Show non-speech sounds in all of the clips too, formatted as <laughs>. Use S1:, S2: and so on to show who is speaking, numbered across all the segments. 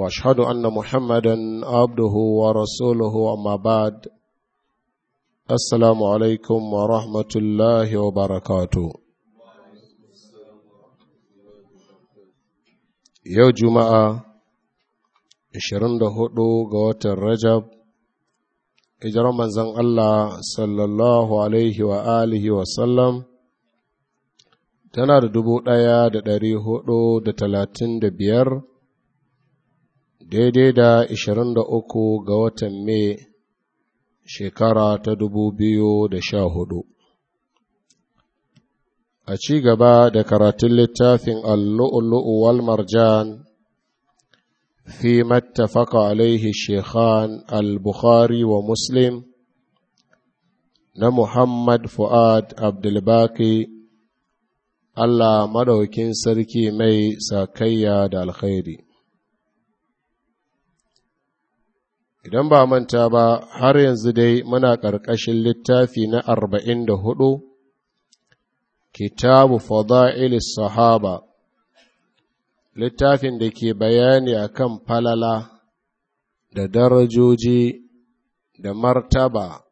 S1: واشهد ان محمدا عبده ورسوله اما بعد السلام عليكم ورحمه الله وبركاته yau juma'a 24 ga watan rajab hijirar manzon allah sallallahu alaihi wa alihi wa sallam tana da dubu ɗaya da ɗari hudu da talatin da biyar daidai da uku ga watan Mai shekara ta hudu, A ci gaba da karatun littafin Allu'ulu'u wal Marjan fi mattafaka alaihi Shekhan al-Bukhari wa Muslim na Muhammad Fu'ad Abdulbaki Allah madaukin sarki mai sakayya da alkhairi. idan ba manta ba har yanzu dai muna ƙarƙashin littafi na arba'in da hudu kitabu fada'ilis sahaba littafin da ke bayani a kan falala da darajoji da martaba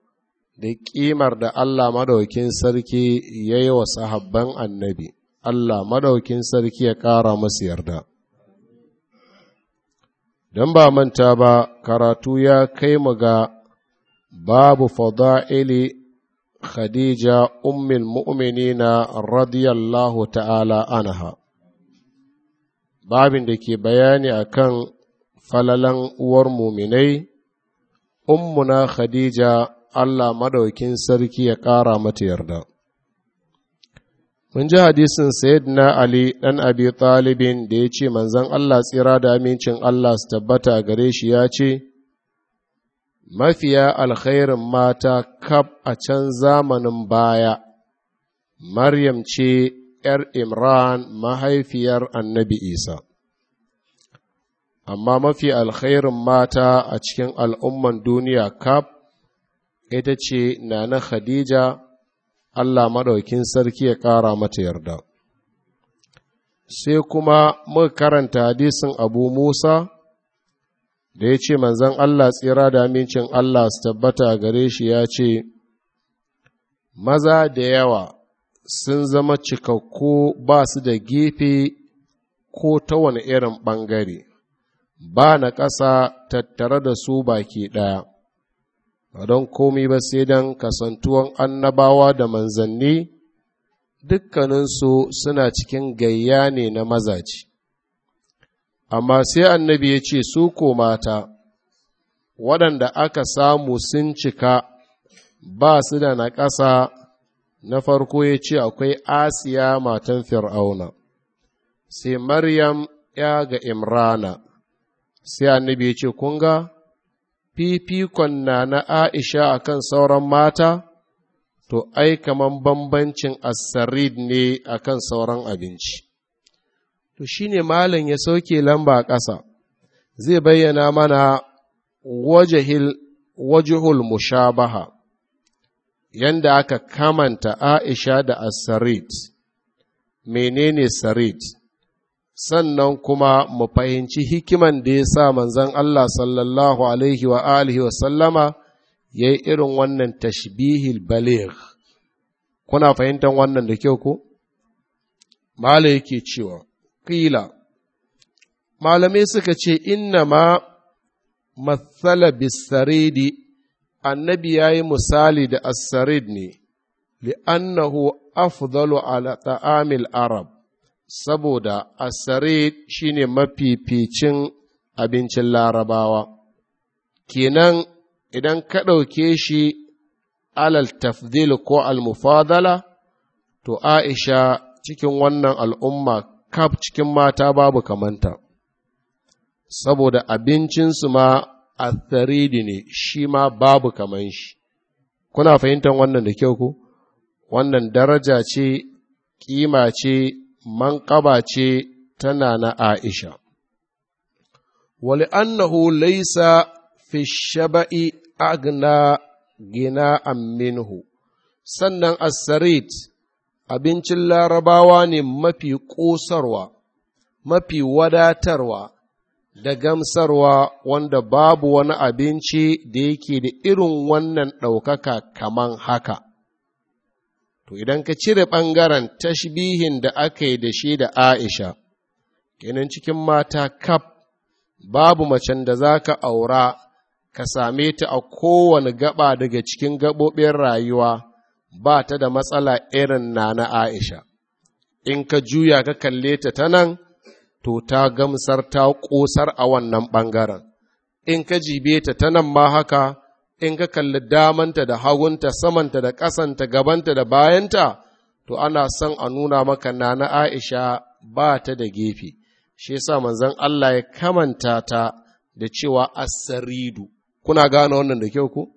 S1: da ƙimar da Allah madaukin sarki ya yi wa sahabban annabi Allah Maɗaukin sarki ya ƙara masu yarda don ba manta ba karatu ya kai mu ga babu fada'ili khadija ummin na radiyallahu ta'ala anha babin da ke bayani a kan falalan uwar muminai ummuna khadija Allah madaukin sarki ya ƙara mata yarda. mun ji hadisin na ali ɗan abi talibin da ya ce manzon Allah tsira da amincin Allah su tabbata gare shi ya ce mafiya alkhairin mata kaf a can zamanin baya maryam ce ‘yar imran mahaifiyar annabi isa amma mafi alkhairin mata a cikin al'umman duniya kaf ita ce na na khadija Allah maɗaukin sarki ya ƙara mata yarda. Sai kuma muka karanta hadisin Abu Musa da ya ce manzan Allah tsira da amincin Allah su tabbata gare shi ya ce, Maza da yawa sun zama cikakku ba su da gefe ko ta wani irin ɓangare, ba na ƙasa tattare da su baki ɗaya. ba don komi ba sai don kasantuwan annabawa da manzanni dukkaninsu suna cikin gayya ne na mazaje amma sai annabi ya ce su ko mata waɗanda aka samu sun cika ba su da na ƙasa na farko ya ce akwai asiya matan fir'auna sai maryam ya ga imrana sai annabi ya ce kunga fifikon na na Aisha akan sauran mata, to ai kaman bambancin asarid ne akan sauran abinci. To shi ne malam ya sauke lamba ƙasa, zai bayyana mana wajahil wajihul mushabaha yanda aka kamanta Aisha da asarid menene sarid sannan kuma mu fahimci hikiman da ya sa manzan Allah sallallahu alaihi wa alihi wa sallama ya yi irin wannan tashbihil baligh kuna fahimtar wannan da kyau ku? mala yake cewa ƙila malamai suka ce inna ma matsala bisaridi annabi ya yi misali da asarid ne li'annahu afdalu ala ta'amil arab saboda asarid shine mafificin abincin larabawa kenan idan ka ɗauke shi alal tafdil ko almufadala to aisha cikin wannan al'umma kaf cikin mata babu kamanta saboda abincinsu ma atharidi ne shi ma babu kaman shi kuna fahimtar wannan da kyau ku wannan daraja ce kima ce manƙaba ce tana na Aisha. Wali annahu laisa fi shaba'i agna gina minhu sannan asarit abincin larabawa ne mafi ƙosarwa, mafi wadatarwa da gamsarwa wanda babu wani abinci da yake da irin wannan ɗaukaka kaman haka. to idan ka cire ɓangaren tashbihin da aka yi da shi da aisha kenan cikin mata kaf babu macen da za ka aura ka same ta a kowane gaba daga cikin gaɓoɓin rayuwa ba ta da matsala irin na na aisha in ka juya ka kalle ta ta nan to ta gamsar ta ƙosar a wannan ɓangaren in ka jibe ta ta nan ma haka in ka kalli damanta da hagunta samanta da ƙasanta gabanta da bayanta to ana son a nuna maka na na aisha ba ta da gefe shi sa manzon Allah ya kamanta ta da cewa asaridu kuna gane wannan da kyau ku?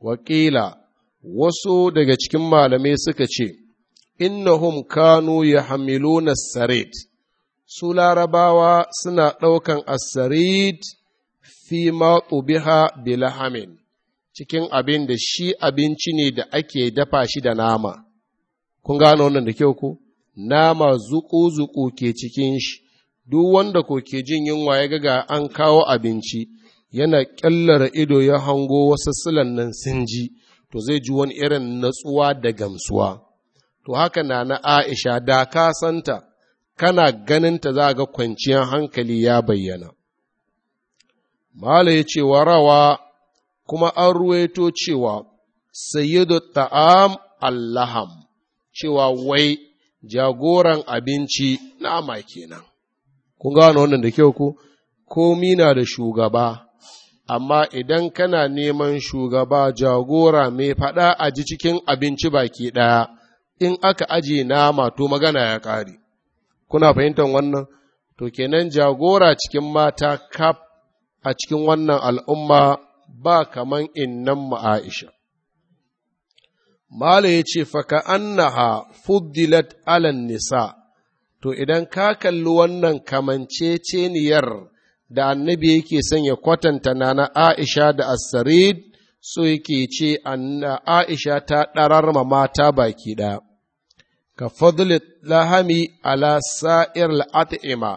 S1: wakila wasu daga cikin malamai suka ce innahum kanu na sarid su larabawa suna ɗaukan asarid Fima ma tsubiha bilahamin cikin abin da shi abinci ne da ake dafa shi da nama kun gano wannan da kyau ku? nama zuku-zuku ke cikin shi duk wanda ko ke jin yunwa ya ga an kawo abinci yana kyallara ido ya hango wasu silan nan sun ji to zai ji wani irin natsuwa da gamsuwa to haka na na aisha da ka santa kana ta za ga kwanciyar hankali ya bayyana Mala ya ce warawa kuma an ruwaito cewa sayyidu ta'am allaham cewa wai jagoran abinci nama kenan. Kun gano wannan da kyau ku? Komi na da shugaba, amma idan kana neman shugaba jagora mai faɗa a ji cikin abinci baki ɗaya, in aka ajiye nama to magana ya ƙare. Kuna fahimtar wannan? To kenan jagora cikin mata kaf a cikin wannan al'umma ba kaman innan Aisha. Mala ya ce, Faka annaha fuddilat alan nisa, to idan ka kalli wannan kamanceceniyar da annabi yake son ya kwatanta na Aisha da asarid so yake ce, Aisha ta ɗarar ma mata baki ɗaya. Ka fuddilat lahami ala sa'ir al'at'ima,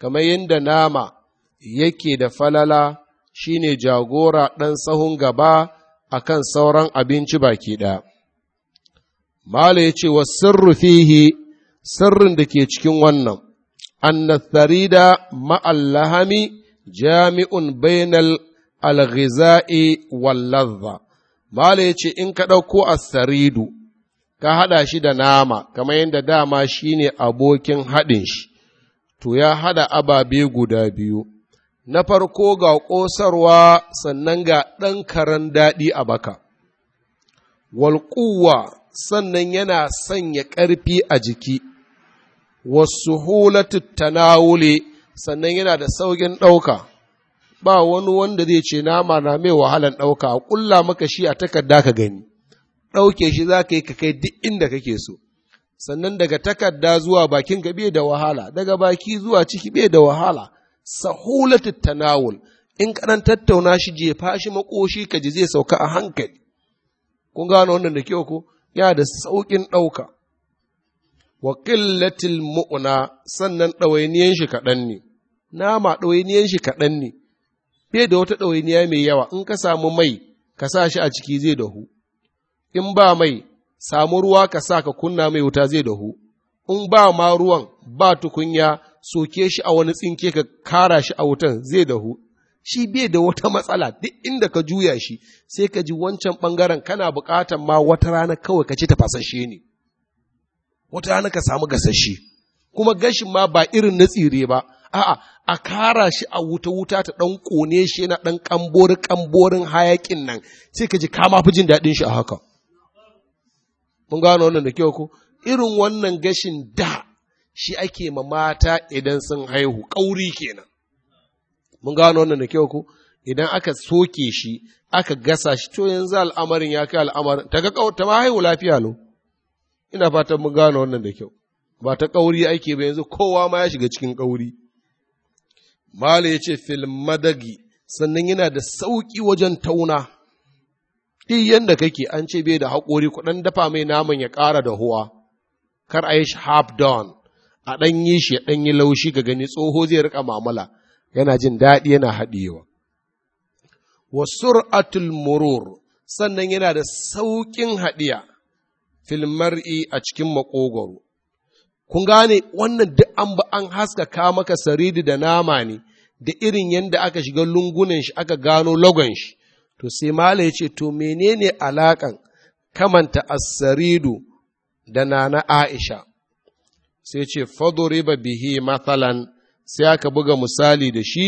S1: kamar yadda nama yake da falala shine jagora ɗan sahun gaba akan sauran abinci baki ɗaya. Mala ya ce wa sirri fihi sirrin da ke cikin wannan, annatharida ma'allahami jami'un bainal alghiza'i wallazza. Mala ya ce in ka ɗauko asaridu, ka haɗa shi da nama, kamar yadda dama shine abokin haɗin shi, to ya haɗa ababe guda biyu. na farko ga ƙosarwa sannan ga ɗan karen daɗi a baka, walƙuwa sannan yana sanya ƙarfi a jiki, wasu hulatu tanawule sannan yana da sauƙin ɗauka, ba wani wanda zai ce nama na mai wahalan ɗauka, a ƙulla maka shi a takarda ka gani, ɗauke shi za ka yi ka kai duk inda kake so. Sannan daga takarda zuwa bakin ka bai da wahala, daga baki zuwa ciki bai da wahala, sahulatu tanawul in kaɗan tattauna shi jefa shi makoshi ka ji zai sauka a hankali kun gano wannan da kyau ko ya da saukin ɗauka wa ƙillatil muna sannan dawainiyan shi kaɗan ne nama dawainiyan shi kaɗan ne bai da wata ɗawainiya mai yawa in ka samu mai ka sa shi a ciki zai dahu in ba mai samu ruwa ka sa ka kunna mai wuta zai dahu in ba ma ruwan ba tukunya soke shi a wani tsinke ka kara shi a wutan zai dahu shi bai da wata matsala duk inda ka juya shi sai ka ji wancan bangaren kana bukatan ma wata rana kawai ka ci tafasashe ne wata rana ka samu gasashe kuma gashin ma ba irin na tsire ba a'a a kara shi a wuta wuta ta dan kone shi yana dan kambori kamborin hayakin nan sai ka ji kama fi jin daɗin shi a haka mun gano wannan da kyau ko irin wannan gashin da shi ake ma mata idan sun haihu ƙauri kenan mun gano wannan da kyau ku idan aka soke shi aka gasa shi to yanzu al'amarin ya kai al'amarin ta ga ta ma haihu lafiya no ina fatan mun gano wannan da kyau ba ta ƙauri ake ba yanzu kowa ma ya shiga cikin ƙauri mala ya ce fil madagi sannan yana da sauƙi wajen tauna duk yanda kake an ce bai da haƙori kuɗan dafa mai naman ya ƙara da huwa kar a yi shi half done a ɗan yi shi ya ɗan yi laushi ga gani tsoho zai rika mamala yana jin daɗi yana haɗiyewa wa sur'atul murur sannan yana da sauƙin haɗiya fil mar'i a cikin maƙogwaro kun gane wannan duk an ba an ka maka saridi da nama ne da irin yadda aka shiga lungunan shi aka gano logon shi to sai mala ya ce to menene alaƙan kamanta Saridu da nana aisha sai ce faduriba bihi matsalan sai aka buga misali da shi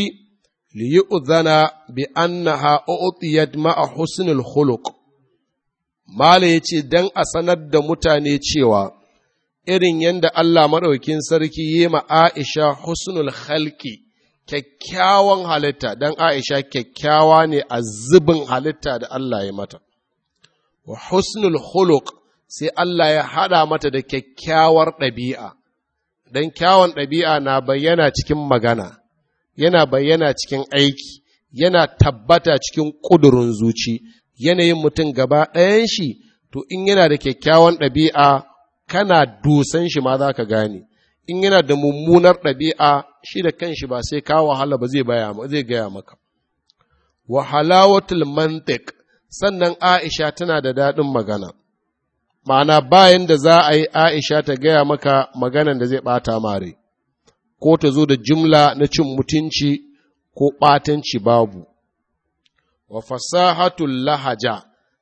S1: li uzana bi annaha u'tiyat ma'a husnul khuluq mala yace dan a sanar da mutane cewa irin yadda Allah maɗaukin sarki yi ma Aisha husnul halki, kyakkyawan halitta dan Aisha kyakkyawa ne a zubin halitta da Allah ya mata wa husnul khuluq sai Allah ya haɗa mata da kyakkyawar ɗabi'a don kyawun ɗabi'a na bayyana cikin magana yana bayyana cikin aiki yana tabbata cikin ƙudurin zuci yanayin mutum gaba ɗayan shi to in yana da kyakkyawan ɗabi'a kana dusan shi ma za ka gane in yana da mummunar ɗabi'a shi da kanshi ba sai ka wahala ba zai gaya maka Wahala halawatul sannan aisha tana da daɗin magana ma'ana bayan da za a yi aisha ta gaya maka maganan da zai ɓata mare ko ta zo da jimla na cin mutunci ko ɓatanci babu wa fasahatul lahaja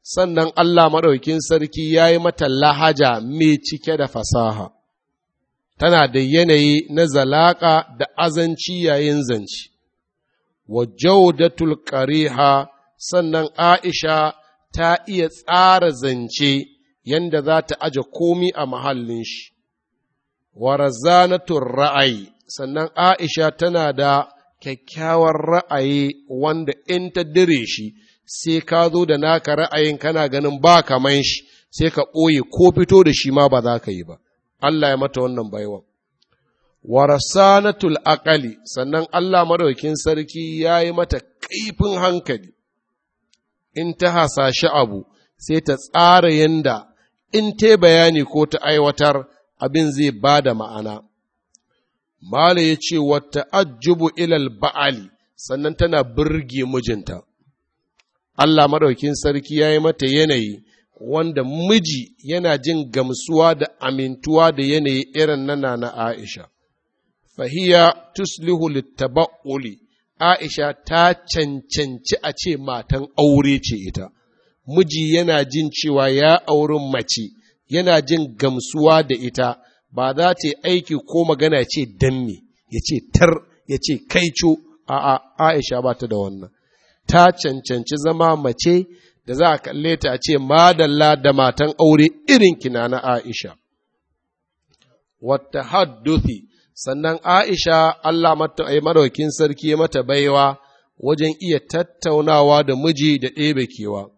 S1: sannan Allah maɗaukin sarki ya yi mata lahaja mai cike da fasaha tana da yanayi na zalaƙa da azanci yayin zanci wa jaudatul ƙariha sannan Aisha ta iya tsara zance yanda za ta aje komi a mahallin shi, wa razanatun ra'ayi, sannan Aisha tana da kyakkyawar ra'ayi wanda in ta dire shi, sai ka zo da naka ra'ayin kana ganin ba kaman shi, sai ka ɓoye ko fito da shi ma ba za ka yi ba, Allah ya mata wannan baiwan. warasanatul akali sannan Allah madaukin sarki ya yi mata kaifin hankali in ta hasashe abu sai ta tsara yanda in te bayani ko ta aiwatar abin zai ba da ma'ana. Mala ya ce wata ajubu ilal ba'ali sannan tana birge mijinta. Allah maɗaukin sarki ya yi mata yanayi wanda miji yana jin gamsuwa da amintuwa da yanayi irin nana na Aisha. Fahiya tuslihu littaba'uli Aisha ta cancanci a ce matan aure ce ita. miji yana jin cewa ya auren mace yana jin gamsuwa da ita ba za ta yi aiki ko magana ya ce danne ya ce tar ya ce kaico a a aisha ba ta da wannan ta cancanci zama mace da za a kalle ta ce madalla da matan aure irin kina na aisha wata haddufi sannan aisha allah mata yi eh, madaukin sarki mata baiwa wajen iya tattaunawa da miji da ɗebe kewa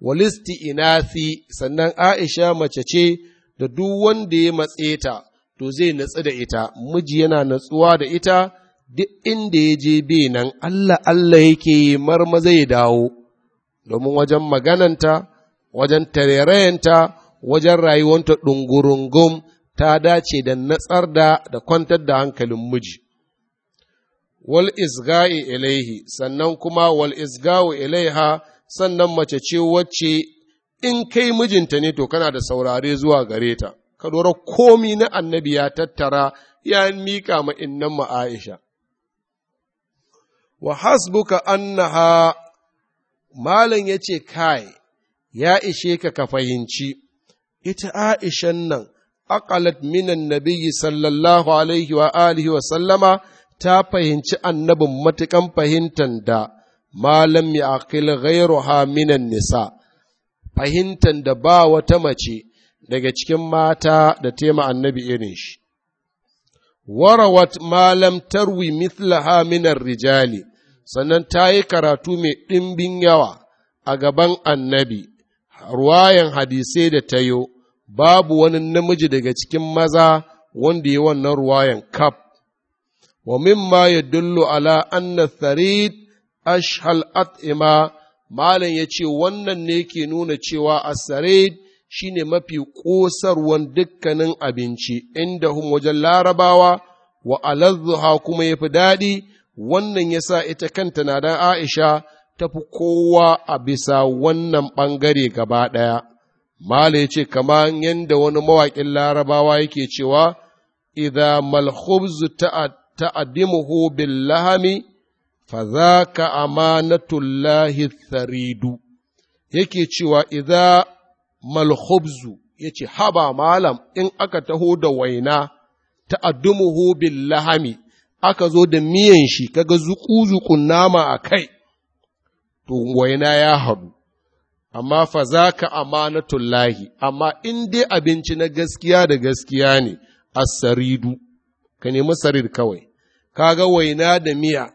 S1: walisti inasi sannan Aisha mace ce da duk wanda ya matse ta to zai natsu da ita miji yana natsuwa da ita duk inda ya je be nan Allah Allah yake marma zai dawo domin wajen magananta wajen tarerayanta wajen rayuwanta ɗungurungum ta dace da natsar da da kwantar da hankalin miji wal isga'i ilaihi sannan kuma wal isga'u ilaiha sannan mace ce wacce in kai mijinta ne to kana da saurare zuwa gare ta, ka dora komi na annabi ya tattara ya miƙa ma innan ma Aisha. Wa hasbuka annaha Malam ya ce kai, ya ishe ka ka fahimci, ita Aishan nan, aqalat minan nabiyyi sallallahu alaihi wa alihi wa sallama ta fahimci annabin matukan fahimtan da malam ya aqil ghairuha minan nisa fahimtan da ba wata mace daga cikin mata da tema annabi irin shi warawat malam tarwi mithlaha minar rijali sannan ta yi karatu mai ɗimbin yawa a gaban annabi ruwayan hadisai da tayo babu wani namiji daga cikin maza wanda ya wannan ruwayan kaf wa mimma ya dullu ala anna tharid ashhal at'ima malam ya ce wannan ne ke nuna cewa asarid shi ne mafi ƙosarwan dukkanin abinci inda hum wajen larabawa wa kuma yafi fi daɗi wannan ya sa ita kanta na dan aisha ta fi kowa a bisa wannan ɓangare gaba ɗaya malam ya ce kamar yadda wani mawakin larabawa yake cewa idha malhubzu ta'addimuhu bil lahami fazaka amanatullahi tharidu yake cewa idza malhubzu yace haba malam in aka taho da waina ta'addumuhu bil lahami aka zo da miyan shi kaga zuƙu-zuƙun nama a kai to waina ya hadu amma fa zaka lahi. amma in dai abinci na gaskiya da gaskiya ne asaridu ka nemi sarid kawai kaga waina da miya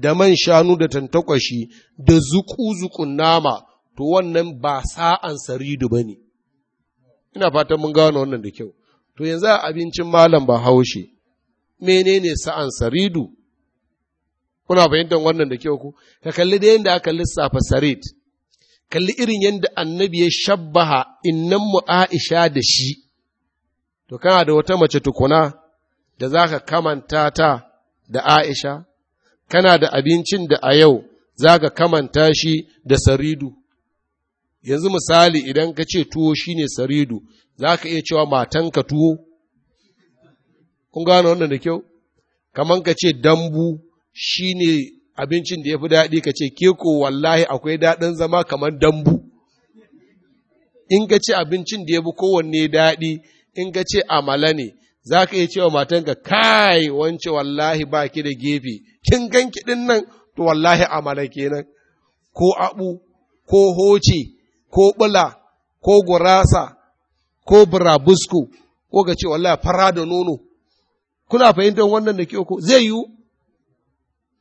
S1: da man shanu da tantakwashi da zuku-zukun nama to wannan ba sa'an saridu ba ne. Ina fatan mun gano wannan da kyau. To yanzu a abincin malam ba haushe, menene sa'an saridu? Kuna fahimtar wannan da kyau ku? Ka kalli da yadda aka lissafa sarid, kalli irin yadda annabi ya shabbaha innan mu Aisha da shi, to kana da wata mace tukuna da za ka kamanta ta da Aisha? kana da abincin da a yau za ka kamanta shi da saridu yanzu misali idan ka ce tuwo shine saridu za ka iya cewa matanka tuwo kun gano wannan da kyau kaman ka ce dambu shine abincin da ya fi daɗi ka ce keko wallahi akwai daɗin zama kamar dambu in ka ce abincin da ya fi kowanne daɗi in ka ce amala ne za ka iya cewa matanka kai wance wallahi ba ki da gefe kin ganki ɗin nan to wallahi amala kenan ko abu ko hoce, ko bula ko gurasa ko burabusko ko ga ce wallahi fara da nono kuna fahimtar wannan da ke ko zai yiwu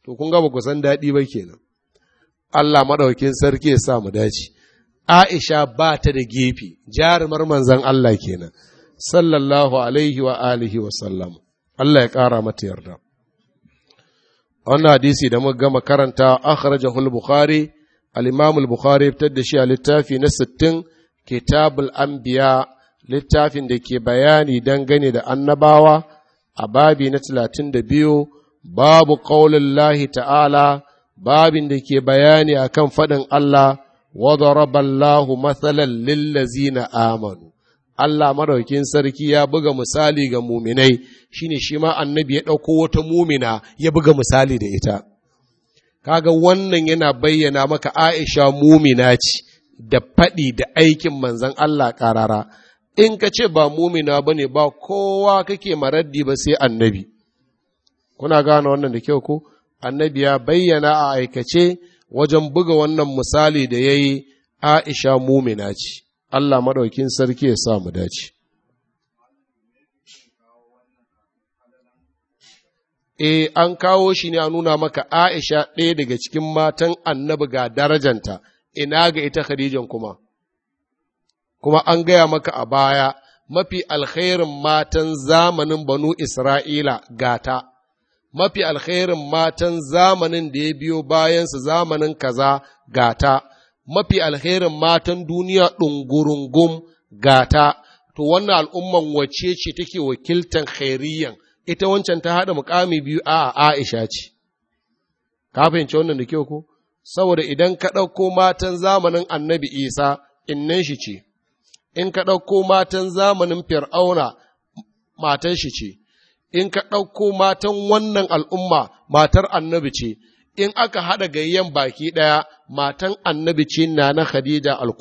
S1: to kun ga ba ku san daɗi ba kenan Allah maɗaukin sarki ya sa mu dace Aisha ba ta da gefe jarumar manzon Allah kenan sallallahu alaihi wa alihi wa sallam Allah ya ƙara mata yarda wannan hadisi da muka gama karanta akhrajahu al-bukhari al-imam al-bukhari fitar da shi a littafi na 60 kitabul anbiya littafin da ke bayani dangane da annabawa a babi na 32 babu qaulin lahi ta'ala babin da ke bayani akan faɗin Allah وضرب matsalar مثلا للذين amanu Allah madaukin sarki ya buga misali ga muminai shine shi ma annabi ya ɗauko wata mumina ya buga misali da ita kaga wannan yana bayyana maka aisha mumina ce da faɗi da aikin manzan Allah ƙarara in ka ce ba mumina ba ba kowa kake maraddi ba sai annabi kuna gane wannan da kyau ko annabi ya bayyana a aikace wajen buga wannan misali da ya yi aisha mumina ce Allah maɗaukin sarki ya sa dace e an kawo shi ne a nuna maka Aisha ɗaya daga cikin matan annabi ga darajanta, ina ga ita Khadijan kuma, kuma an gaya maka a baya mafi alkhairin matan zamanin banu Isra'ila gata, mafi alkhairin matan zamanin da ya biyo bayansa zamanin kaza gata, mafi alkhairin matan duniya ɗungurungum gata, to wannan al'umman wacce ce take wakiltan khairiyan ita wancan ta haɗa mukami biyu a Aisha ce, ka fahimci wannan da kyau ko? Saboda idan ka ɗauko matan zamanin annabi Isa innan shi ce, in ka ɗauko matan zamanin fir'auna matan shi ce, in ka ɗauko matan wannan al'umma matar annabi ce, in aka haɗa gayyan baki ɗaya matan annabi ce na na Khadija al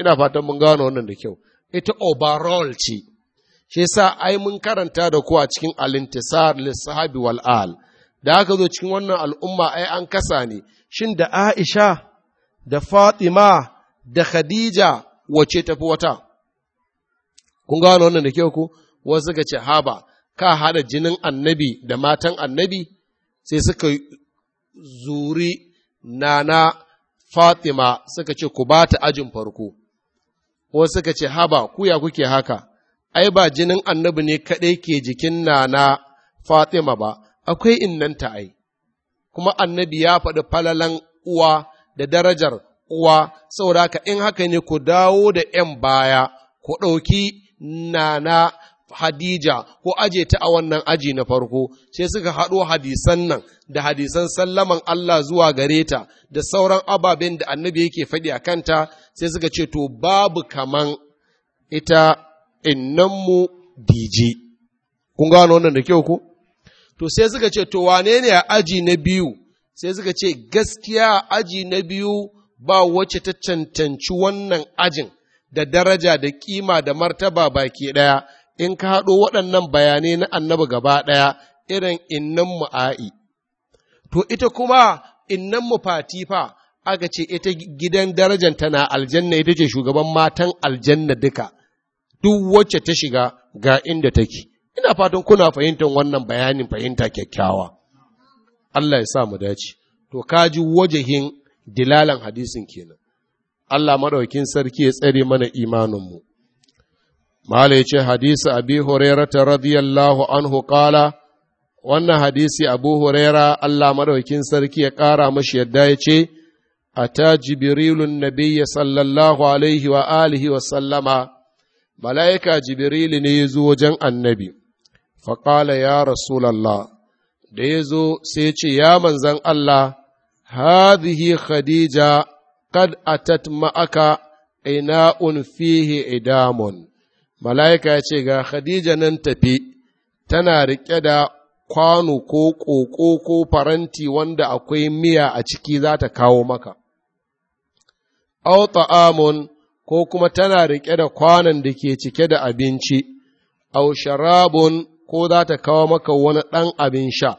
S1: Ina fatan mun gano wannan da kyau, ita overall ce. shi sa ai mun karanta da kuwa cikin alintisar lissahabi wal'al da aka zo cikin wannan al'umma ai an kasa ne shin da aisha da fatima da khadija wace tafi wata kun gano wannan da kyau ku wasu suka ce haba ka hada jinin annabi da matan annabi sai suka zuri nana fatima suka ce ku ba ta ajin farko wasu suka ce haba kuya kuke haka ai ba jinin annabi ne kaɗai ke jikin nana Fatima ba, akwai ta ai, kuma annabi ya faɗi falalan uwa da darajar uwa, sauraka in haka ne ku dawo da ‘yan baya, ku ɗauki nana Hadija ko aje ta a wannan aji na farko, sai suka haɗo hadisan nan da hadisan sallaman Allah zuwa gare ta da sauran ababen da annabi yake faɗi a kanta, sai suka ce, To, babu kaman ita mu diji, kun gano wannan da kyau ko to sai suka ce to wane ne a aji na biyu sai suka ce gaskiya a aji na biyu ba wacce ta cancanci wannan ajin da daraja da kima da martaba baki ɗaya in ka haɗo waɗannan bayanai na annabi gaba ɗaya irin innan Ai? to ita kuma innan mu fatifa aka ce ita gidan darajanta na aljanna ita ce shugaban matan aljanna duka duk wacce ta shiga ga inda take ina fatan kuna fahimtar wannan bayanin fahimta kyakkyawa Allah ya sa mu dace to kaji wajehin dilalan hadisin kenan Allah maɗaukin sarki ya tsare mana imaninmu Mala ya ce hadisi abi ta radiyallahu anhu kala wannan hadisi abu huraira Allah madaukin sarki ya ƙara mashi yadda ya ce ata jibrilun nabiyya sallallahu alaihi wa alihi wa sallama mala'ika jibrilu ne ya zo wajen annabi faƙala ya rasulallah da ya zo sai ce ya manzan Allah hadhihi khadija kad atat ma'aka ina'un fihi idamun mala'ika ya ce ga khadija nan tafi tana riƙe da kwano ko ƙoƙo ko faranti wanda akwai miya a ciki za ta kawo maka. Au ta'amun ko kuma tana riƙe da kwanan da ke cike da abinci, au sharabun ko za ta kawo maka wani ɗan abin sha.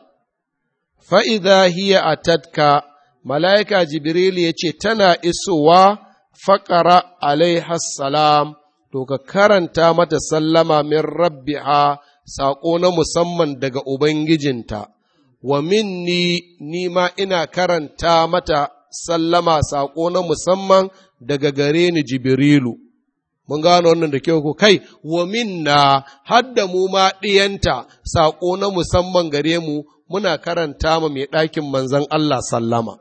S1: Fa'iza hiya a tatka, mala'ika Jibril ya ce tana isowa faƙara alaihassalam, to ka karanta mata sallama min rabbiha saƙo na musamman daga Ubangijinta, wa minni ni ma ina karanta mata sallama saƙo na musamman daga gare ni Jibrilu. Mun gano wannan da kyau ko kai, wa minna hadda mu ma ɗiyanta saƙo na musamman gare mu muna karanta ma mai ɗakin manzan Allah sallama.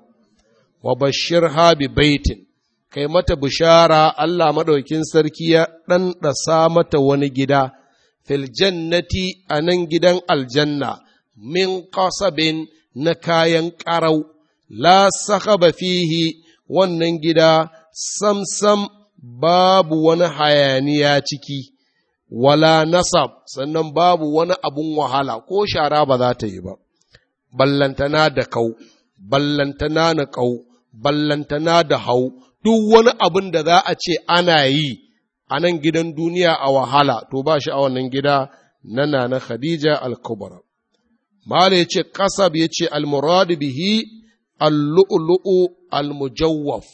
S1: Wa bashir bi baitin, kai mata bishara Allah maɗaukin sarki ya ɗasa mata wani gida, fil jannati a nan gidan aljanna, min ƙasabin na kayan ƙarau. la sahaba fihi wannan gida samsam babu wani hayaniya ciki, wala nasab sannan babu wani abun wahala ko shara ba za ta yi ba, ballantana da kau, ballantana na kau, ballantana da hau, duk wani abin da za a ce ana yi a nan gidan duniya a wahala, to ba shi a wannan gida na na Khadija al-Kubra. Mala ya ce, Kasab ya ce, Al-Muradu bihi al almujawwaf al-mujawwaf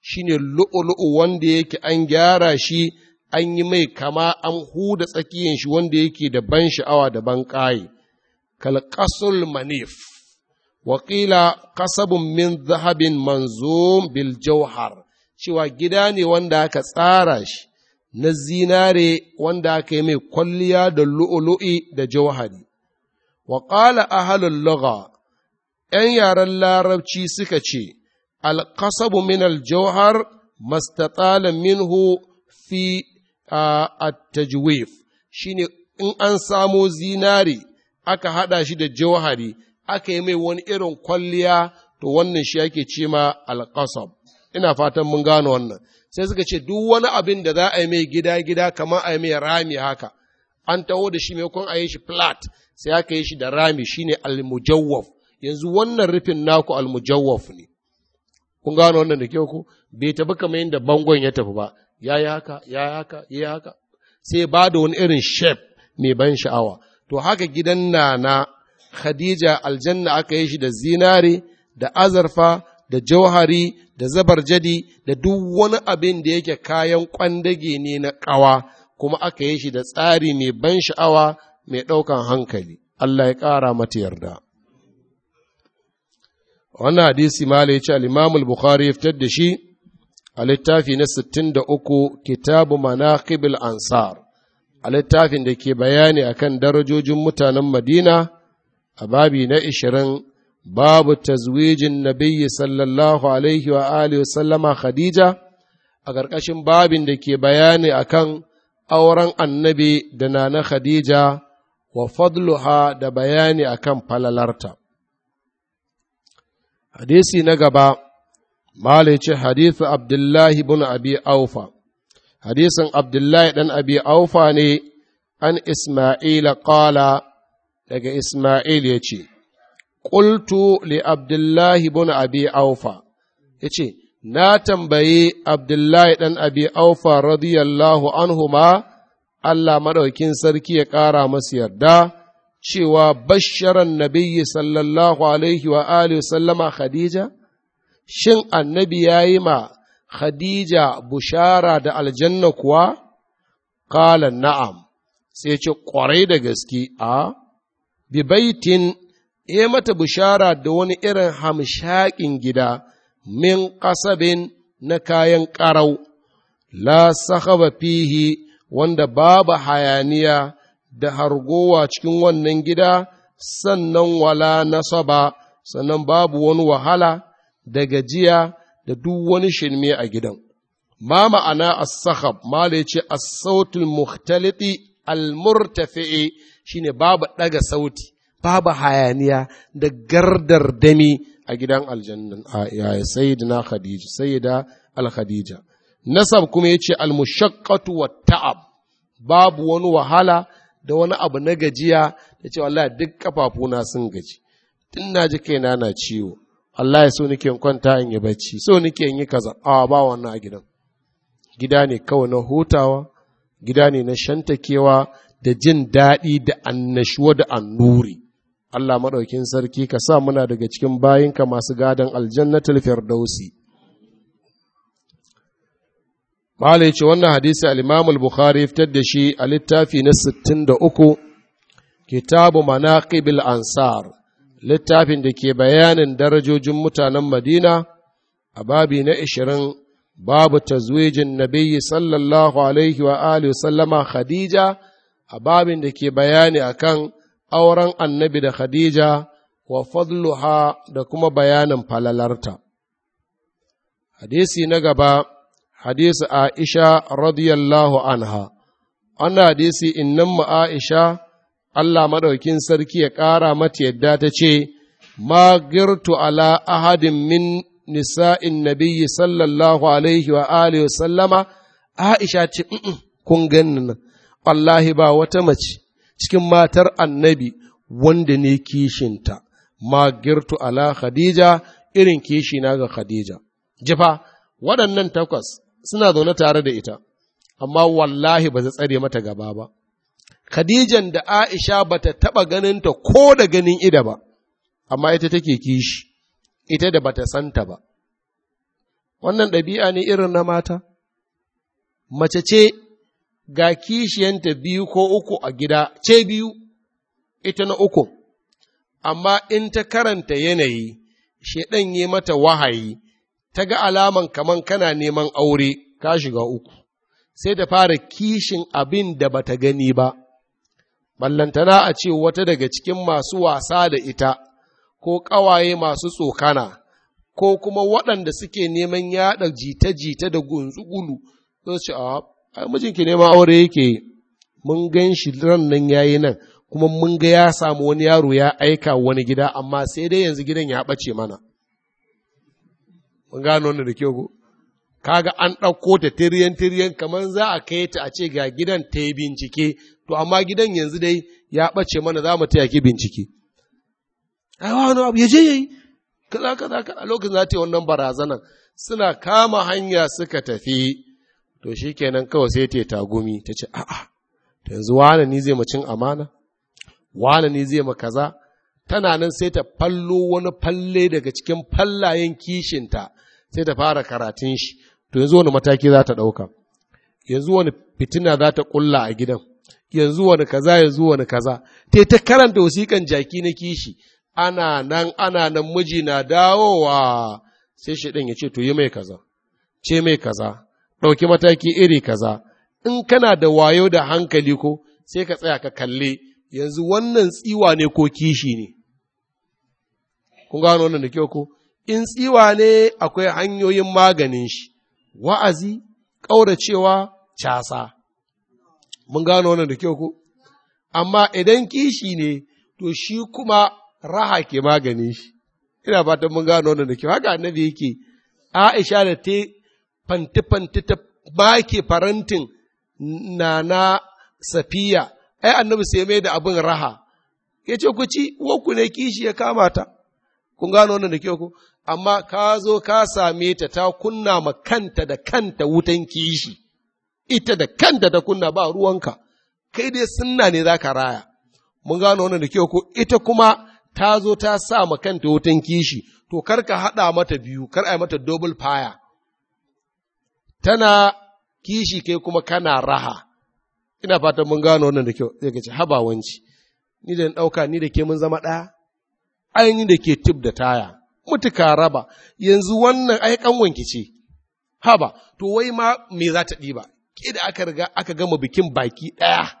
S1: shine lu'ulu'u wanda yake an gyara shi an yi mai kama an huda tsakiyan shi wanda yake da ban sha'awa da ban ƙaye kal manif wa qila min zahabin manzum bil jawhar cewa gida ne wanda aka tsara shi na zinare wanda aka yi mai kwalliya da lu'ulu'i da jauhari. Waƙala ƙala ahalul lugha ’yan yaren larabci suka ce, Alƙasabu min aljohar mastatala minhu fi attajwif shi ne in an samo zinari aka haɗa shi da jauhari aka yi mai wani irin kwalliya to wannan shi ake ce ma alƙasab. Ina fatan mun gano wannan. Sai suka ce duk wani abin da za a yi mai gida-gida kamar a yi mai rami haka, an taho da shi maimakon a yi shi flat sai aka yi shi da rami shi ne almujawwaf. yanzu wannan rufin naku almujawwaf ne kun gano wannan da kyau ku bai tafi kamar yadda bangon ya tafi ba ya yi haka ya yi haka ya yi haka sai ba da wani irin shape mai ban sha'awa to haka gidan nana khadija aljanna aka yi shi da zinare da azarfa da jauhari da zabarjadi da duk wani abin da yake kayan kwandage ne na ƙawa kuma aka yi shi da tsari mai ban sha'awa mai ɗaukan hankali Allah ya ƙara mata yarda. wannan hadisi mala ya ce al bukhari ya fitar da shi a littafi na 63 kitabu manaqibul ansar a littafin da ke bayani akan darajojin mutanen madina a babi na 20 babu tazwijin nabiyyi sallallahu alaihi wa alihi sallama khadija a ƙarƙashin babin da ke bayani akan auren annabi da nana khadija wa fadluha da bayani akan falalarta hadisi na gaba mala ce hadisi abdullahi bin abi aufa hadisin abdullahi dan abi aufa ne an isma'ila qala daga isma'il ya ce qultu li abdullahi bin abi aufa ya ce na tambayi abdullahi dan abi aufa radiyallahu anhu ma Allah madaukin sarki ya ƙara masu yarda cewa basharan nabiyyi sallallahu alaihi wa alihi sallama khadija shin annabi ya yi ma khadija bushara da aljanna kuwa kala na'am sai ce kwarai da gaske a bibaitin ya mata bushara da wani irin hamshaƙin gida min ƙasabin na kayan ƙarau la sahaba fihi wanda babu hayaniya da hargowa cikin wannan gida sannan wala nasaba sannan babu wani wahala da gajiya da duk wani shirme a gidan ma ma'ana as-sakhab mala yace as-sautul mukhtaliti al-murtafi'i shine babu ɗaga sauti babu hayaniya da gardar dami a gidan aljannan ya sayyidina khadija sayyida al-khadija nasab kuma yace al-mushaqqatu wat-ta'ab babu wani wahala da wani abu na gajiya da cewa Allah duk kafafuna sun gaji tun na ji kaina na ciwo Allah ya so nake in kwanta in yi bacci so nake in yi kaza a ba wannan a gidan gida ne kawai na hutawa gida ne na shantakewa da jin daɗi da annashuwa da annuri Allah maɗaukin sarki ka sa muna daga cikin bayinka masu gadon aljannatul firdausi Mala ya ce wannan hadisi al'imamul Bukhari fitar da shi a littafi na 63, Kitabu Manaqibil Ansar, littafin da ke bayanin darajojin mutanen Madina a babi na 20, babu tazwijin Nabiyyi sallallahu Alaihi wa Alihi sallama Khadija a babin da ke bayani akan auren annabi da Khadija wa fadluha da kuma bayanin falalarta. Hadisi na gaba. hadisi Aisha radiyallahu anha, wannan hadisi innan mu Aisha Allah maɗaukin sarki ya ƙara mata yadda ta ce, Ma girtu ala ahadin min nisa'in nabiyyi sallallahu alaihi wa alihi sallama, Aisha ce, kun ganni nan, wallahi ba wata mace cikin matar annabi wanda ne kishinta, ma girtu ala Khadija irin kishina ga Khadija. Jifa, waɗannan takwas suna zaune tare da ita, amma wallahi ba zai tsare mata gaba ba. Khadijan da Aisha ba ta taɓa ganinta ko da ganin ida ba, amma ita take kishi, ita da ba ta santa ba. Wannan ɗabi'a ne irin na mata, mace ce ga kishiyanta biyu ko uku a gida, ce biyu, ita na uku, amma in ta karanta yanayi, shaɗan yi mata wahayi, ta ga alaman kaman kana neman aure ka shiga uku sai ta fara kishin abin da bata gani ba ballantana a ce wata daga cikin masu wasa da ita ko ƙawaye masu tsokana ko kuma waɗanda suke neman yaɗa jita-jita da gunzugulu don su a ai mijinki neman aure yake mun gan shi ran nan yayi nan kuma mun ga ya samu wani yaro ya aika wani gida amma sai dai yanzu gidan ya ɓace mana mun gano wannan da kyau ko kaga an ɗauko ta tiriyan tiriyan kamar za a kai ta a ce ga gidan ta yi bincike to amma gidan yanzu dai ya ɓace mana za mu taya ki bincike ai wani abu ya je yayi kaza kaza a lokacin za ta yi wannan barazanan suna kama hanya suka tafi to shi kenan kawai sai ta tagumi ta ce a'a to yanzu wane ni zai macin amana wane ni zai ma kaza tana nan sai ta fallo wani falle daga cikin fallayen kishinta sai ta fara karatun shi to yanzu wani mataki za ta ɗauka yanzu wani fitina za ta ƙulla a gidan yanzu wani kaza yanzu wani kaza ta ta karanta wasiƙan jaki na kishi ana nan ana nan miji na dawowa sai shi ɗin ya ce to yi mai kaza ce mai kaza ɗauki mataki iri kaza in kana da wayo da hankali ko sai ka tsaya ka kalle yanzu wannan tsiwa ne ko kishi ne kun gano wannan da kyau ko in tsiwa ne akwai hanyoyin maganin shi, wa'azi, ƙauracewa, casa. Mun gano wannan da kyau ku? Amma idan kishi ne, to shi kuma raha ke maganin shi. Ina fatan mun gano wannan da kyau, haka annabi yake, Aisha da ta fanti-fanti ta ke farantin na na safiya, ai annabi sai mai da abin raha, ya ce ku ci, ku ne kishi ya kamata? kun gano wannan da kyau ku amma ka zo ka same ta ta kunna ma kanta da kanta wutan kishi, ita da kanta ta kunna ba ruwanka, kai dai sunna ne za ka raya. Mun gano wannan da kyau ko ita kuma ta zo ta sa ma kanta wutan kishi, to kar ka haɗa mata biyu, kar a mata double fire. Tana kishi kai kuma kana raha. Ina fatan mun gano wannan da kyau, zai ce haba wanci. Ni da ɗauka ni da ke mun zama ɗaya, ainihin da ke tib da taya. mutu ka raba yanzu wannan aikan wanke ce haba to wai ma me za ta ɗiba ke da aka riga aka gama bikin baki ɗaya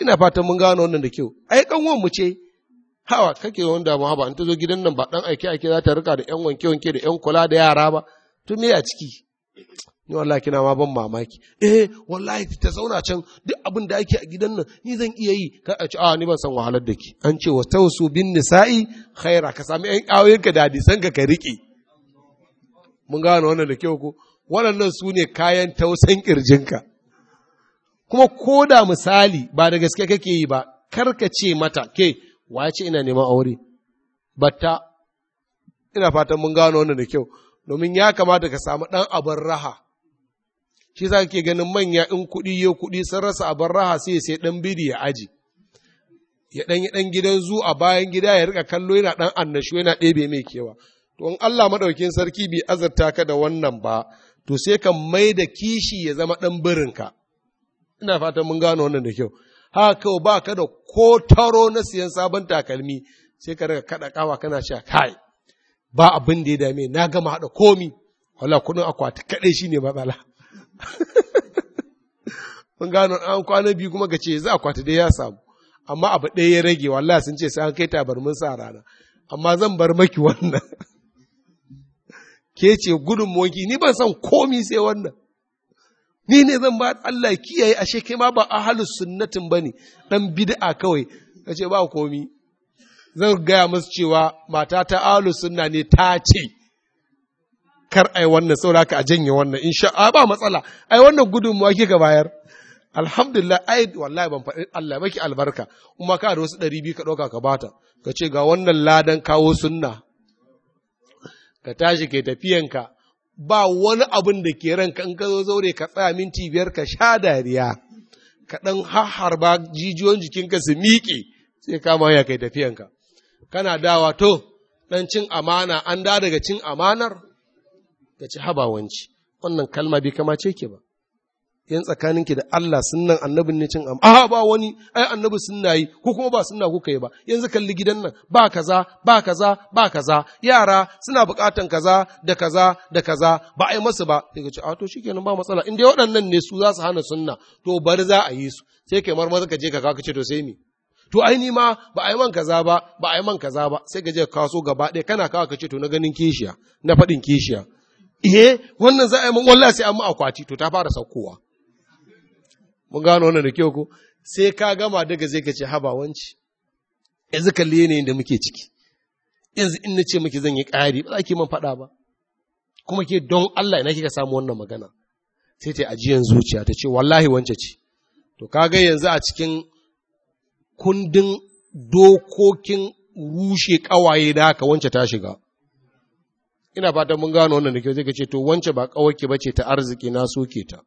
S1: ina fatan mun gano wannan da kyau ai kanwan mu ce hawa kake wanda mu haba in ta zo gidan nan ba dan aike aike za ta rika da yan wanke wanke da yan kula da yara ba to me a ciki ni wallahi kina ma ban mamaki eh wallahi ta zauna can duk abin da ake a gidan nan ni zan iya yi ka a ce a ah, ni ban san wahalar da ki an ce wa wasu bin nisa'i khaira ka sami ƴan ayoyin ka da hadisan ka ka rike mun gano wannan da kyau ko waɗannan su ne kayan tausan ka. kuma ko da misali ba da gaske kake yi ba karka ce mata ke wace ce ina neman aure batta ina fatan mun gano wannan da kyau domin ya kamata ka samu ɗan abin raha shi za ke ganin manya in kuɗi ya kuɗi sun rasa bar raha sai sai ɗan biri ya aji ya ɗan yi ɗan gidan zu a bayan gida ya rika kallo yana ɗan annashu yana ɗebe mai kewa to in Allah maɗaukin sarki bai azarta ka da wannan ba to sai ka mai da kishi ya zama ɗan birinka ina fatan mun gano wannan da kyau haka kawai ba ka da ko taro na siyan sabon takalmi sai ka rika kaɗa kawa kana sha kai ba abin da ya dame na gama haɗa komi wala kuɗin akwati kaɗai shi ne matsala <laughs> mun gano an kwana biyu kuma gace ce za a kwata dai ya samu amma abu ɗaya ya rage wallahi sun ce sai an kai tabarmin sa rana amma zan bar maki wannan <laughs> ke ce gudun mogi ni ban san komi sai wannan ni ne zan ba Allah kiyaye ashe kai ma ba ahlus sunnatin bane dan bid'a kawai kace ba komi zan gaya masu cewa mata ta ahlus sunna ne ta ce kar ai wannan saboda haka a janye wannan in sha'a ba matsala ai wannan gudunmuwa kika bayar alhamdulillah ai wallahi ban faɗi Allah baki albarka kuma ka da wasu ɗari biyu ka ɗauka ka bata ka ce ga wannan ladan kawo sunna ka tashi ke tafiyanka ba wani abin da ke ranka in ka zo zaure ka tsaya minti biyar ka sha dariya ka ɗan harba jijiyoyin jikinka su miƙe sai kama ya kai tafiyanka kana dawa to ɗan cin amana an da daga cin amanar ka ci habawanci wannan kalma bai ce ke ba yan tsakaninki da Allah sunnan annabin ne cin am aha ba wani ai annabi sunna yi ko kuma ba sunna kuka yi ba yanzu kalli gidan nan ba kaza ba kaza ba kaza yara suna buƙatan kaza da kaza da kaza ba a masu ba sai ka ce a to shikenan ba matsala in dai waɗannan ne su za su hana sunna to bari za a yi su sai kai marmar ka je ka ka ce to sai me to ai ni ma ba a yi man kaza ba ba a yi man kaza ba sai ka je ka kaso gaba ɗaya kana kawo ka ce to na ganin kishiya na faɗin kishiya iye eh, wannan za a yi mun sai an mu akwati to ta fara saukowa mun gano wannan da kyau ko sai ka gama daga zai ka ce haba wanci yanzu kalli yanayin da muke ciki yanzu in na ce miki zan yi ƙari ba za ki man faɗa ba kuma ke don Allah ina kika samu wannan magana sai ta ajiyan zuciya ta ce wallahi wance ce to ka ga yanzu a cikin kundin dokokin rushe ƙawaye da haka wance ta shiga ina fata mun gano wannan da kyau zai ce to wance ba kawaki ba ce ta arziki na suke ta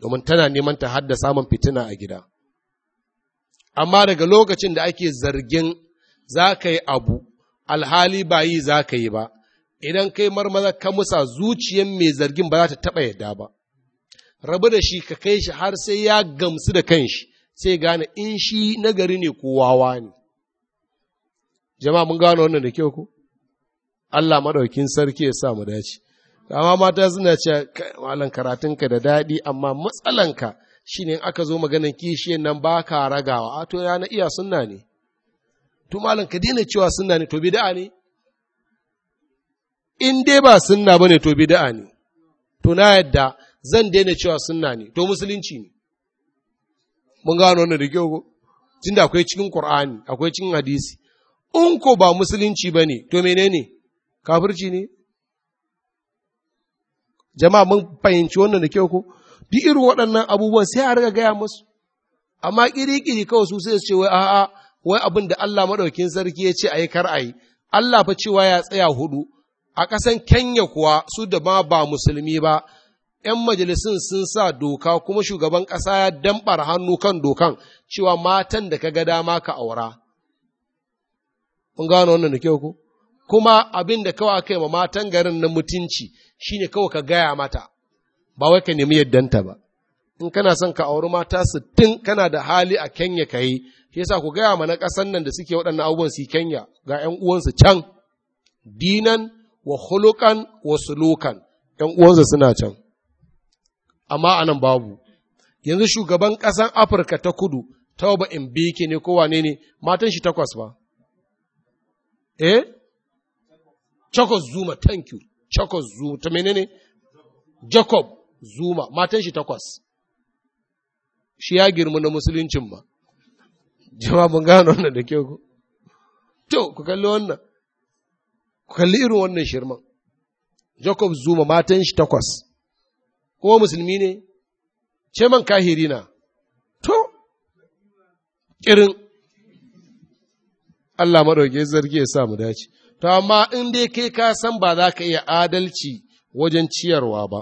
S1: domin tana neman ta hadda samun fitina a gida amma daga lokacin da ake zargin za ka yi abu alhali ba yi za ka yi ba idan kai marmaza ka musa zuciyan mai zargin ba za ta taɓa yadda ba rabu da shi ka kai shi har sai ya gamsu da kanshi sai gane in shi nagari ne ko wawa ne jama'a mun gano wannan da kyau ko Allah maɗaukin sarki ya sa mu dace. Amma mata suna ce, malan karatunka da daɗi, amma matsalanka shi ne aka zo maganin kishiyan nan ba ka ragawa, a to na iya sunna ne. To malan ka daina cewa sunna ne, to bida'a ne? In dai ba sunna ba ne, to bida'a ne. To na yadda zan daina cewa sunna ne, to musulunci ne. Mun gano wannan da kyau ko? Tunda akwai cikin Kur'ani, akwai cikin hadisi. In ko ba musulunci ba ne, to menene ne? kafirci ne jama'a mun fahimci wannan da kyau ko duk irin waɗannan abubuwan sai a riga gaya musu amma ƙiri-ƙiri kawai su sai su ce wai a'a wai abin da Allah maɗaukin sarki ya ce a yi kar a yi Allah fa cewa ya tsaya hudu a ƙasan Kenya kuwa su da ma ba musulmi ba ‘yan majalisun sun sa doka kuma shugaban ƙasa ya damɓar hannu kan dokan cewa matan da ka ga dama ka aura. Kun gano wannan da kyau ko? kuma abin da kawai aka yi ma matan garin na mutunci shine kawai ka gaya mata ba wai ka nemi yaddanta ba in kana son ka auri mata sittin kana da hali a Kenya ka yi shi yasa ku gaya mana ƙasan nan da suke waɗannan abubuwan su Kenya ga ƴan uwansu can dinan wa hulukan wa sulukan ƴan uwansu suna can amma anan babu yanzu shugaban ƙasan Afirka ta kudu tauba in biki ne ko wane ne matan shi takwas ba eh Jacob Zuma, thank you. Jacob Zuma, ta menene? Jacob Zuma, matan shi takwas. Shi ya girma na musuluncin ba. Jama mun gano wannan da kyau ku. To, ku kalli wannan. Ku kalli irin wannan shirman. Jacob Zuma matan shi takwas. Kuma musulmi ne? Ce man kahiri na. To, kirin. Allah maɗauke zargi ya sa mu dace. to amma in dai kai ka san ba za ka iya adalci wajen ciyarwa ba,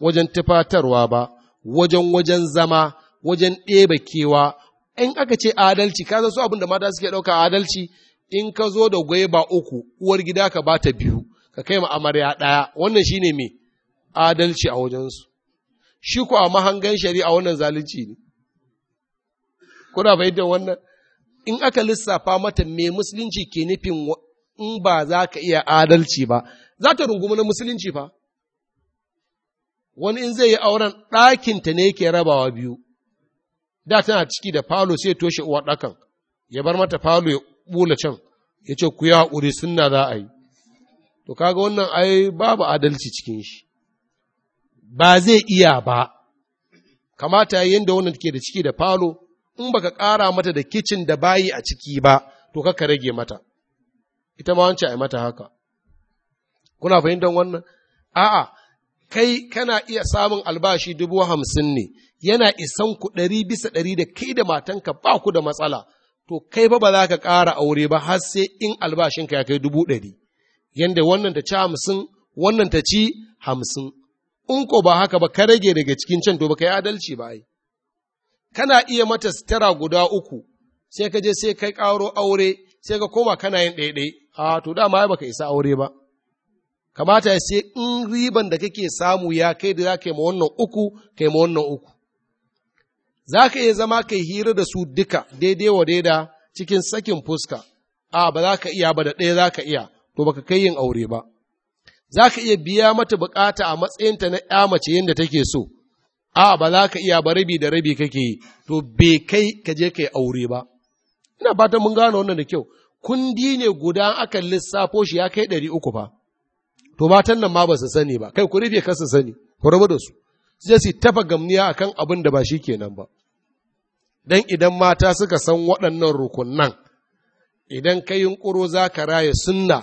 S1: wajen tufatarwa ba, wajen wajen zama, wajen ɗeba kewa, in aka ce adalci, ka su abin da mata suke ɗauka adalci, in ka zo da ba uku, uwar gida ka bata biyu, ka kai ma amarya ɗaya, wannan shi ne me adalci a wajensu. Shi ku a mahangan shari'a wannan zalunci ne. Kuna fahimtar wannan? In aka lissafa mata me musulunci ke nufin in ba za ka iya adalci ba, za ta rungumi na musulunci fa. Wani in zai yi auren ɗakinta ne yake rabawa biyu, da tana ciki da falo sai toshe uwa ɗakan, ya bar mata falo ya ɓula can, ya ce ku yi sunna za a yi. To kaga wannan ai babu adalci cikin shi, ba zai iya ba, kamata yayin da wannan ke da ciki da falo, in baka ƙara mata da kicin da bayi a ciki ba, to kaka rage mata. ita ma wancan a mata haka kuna fahimtar wannan a'a kai kana iya samun albashi dubu hamsin ne yana isan ku ɗari bisa ɗari da kai da matanka ba ku da matsala to kai ba ba za ka ƙara aure ba har sai in albashinka ya kai dubu ɗari yadda wannan ta ci hamsin wannan ta ci hamsin in ko ba haka ba ka rage daga cikin can to ba ka yi adalci ba ai kana iya mata sitara guda uku sai ka je sai ka ƙaro aure sai ka koma kana yin ɗaiɗai a to dama ya baka isa aure ba kamata ya sai in riban da kake samu ya kai da za ka yi ma wannan uku kai ma wannan uku za ka iya zama kai hira da su duka daidai wa daida cikin sakin fuska a ba za ka iya ba da ɗaya za ka iya to baka kai yin aure ba za ka iya biya mata bukata a matsayinta na ya mace yadda take so a ba za ka iya ba rabi da rabi kake yi to bai kai ka je ka yi aure ba ina fatan mun gane wannan da kyau kundi ne guda aka lissafo shi ya kai ɗari uku fa to matan nan ma ba su sani ba kai ku rufe ka sani ku rabu da su sai su tafa gamniya akan abin da ba shi kenan ba Don idan mata suka san waɗannan rukunnan idan ka yi ƙuro za ka raya sunna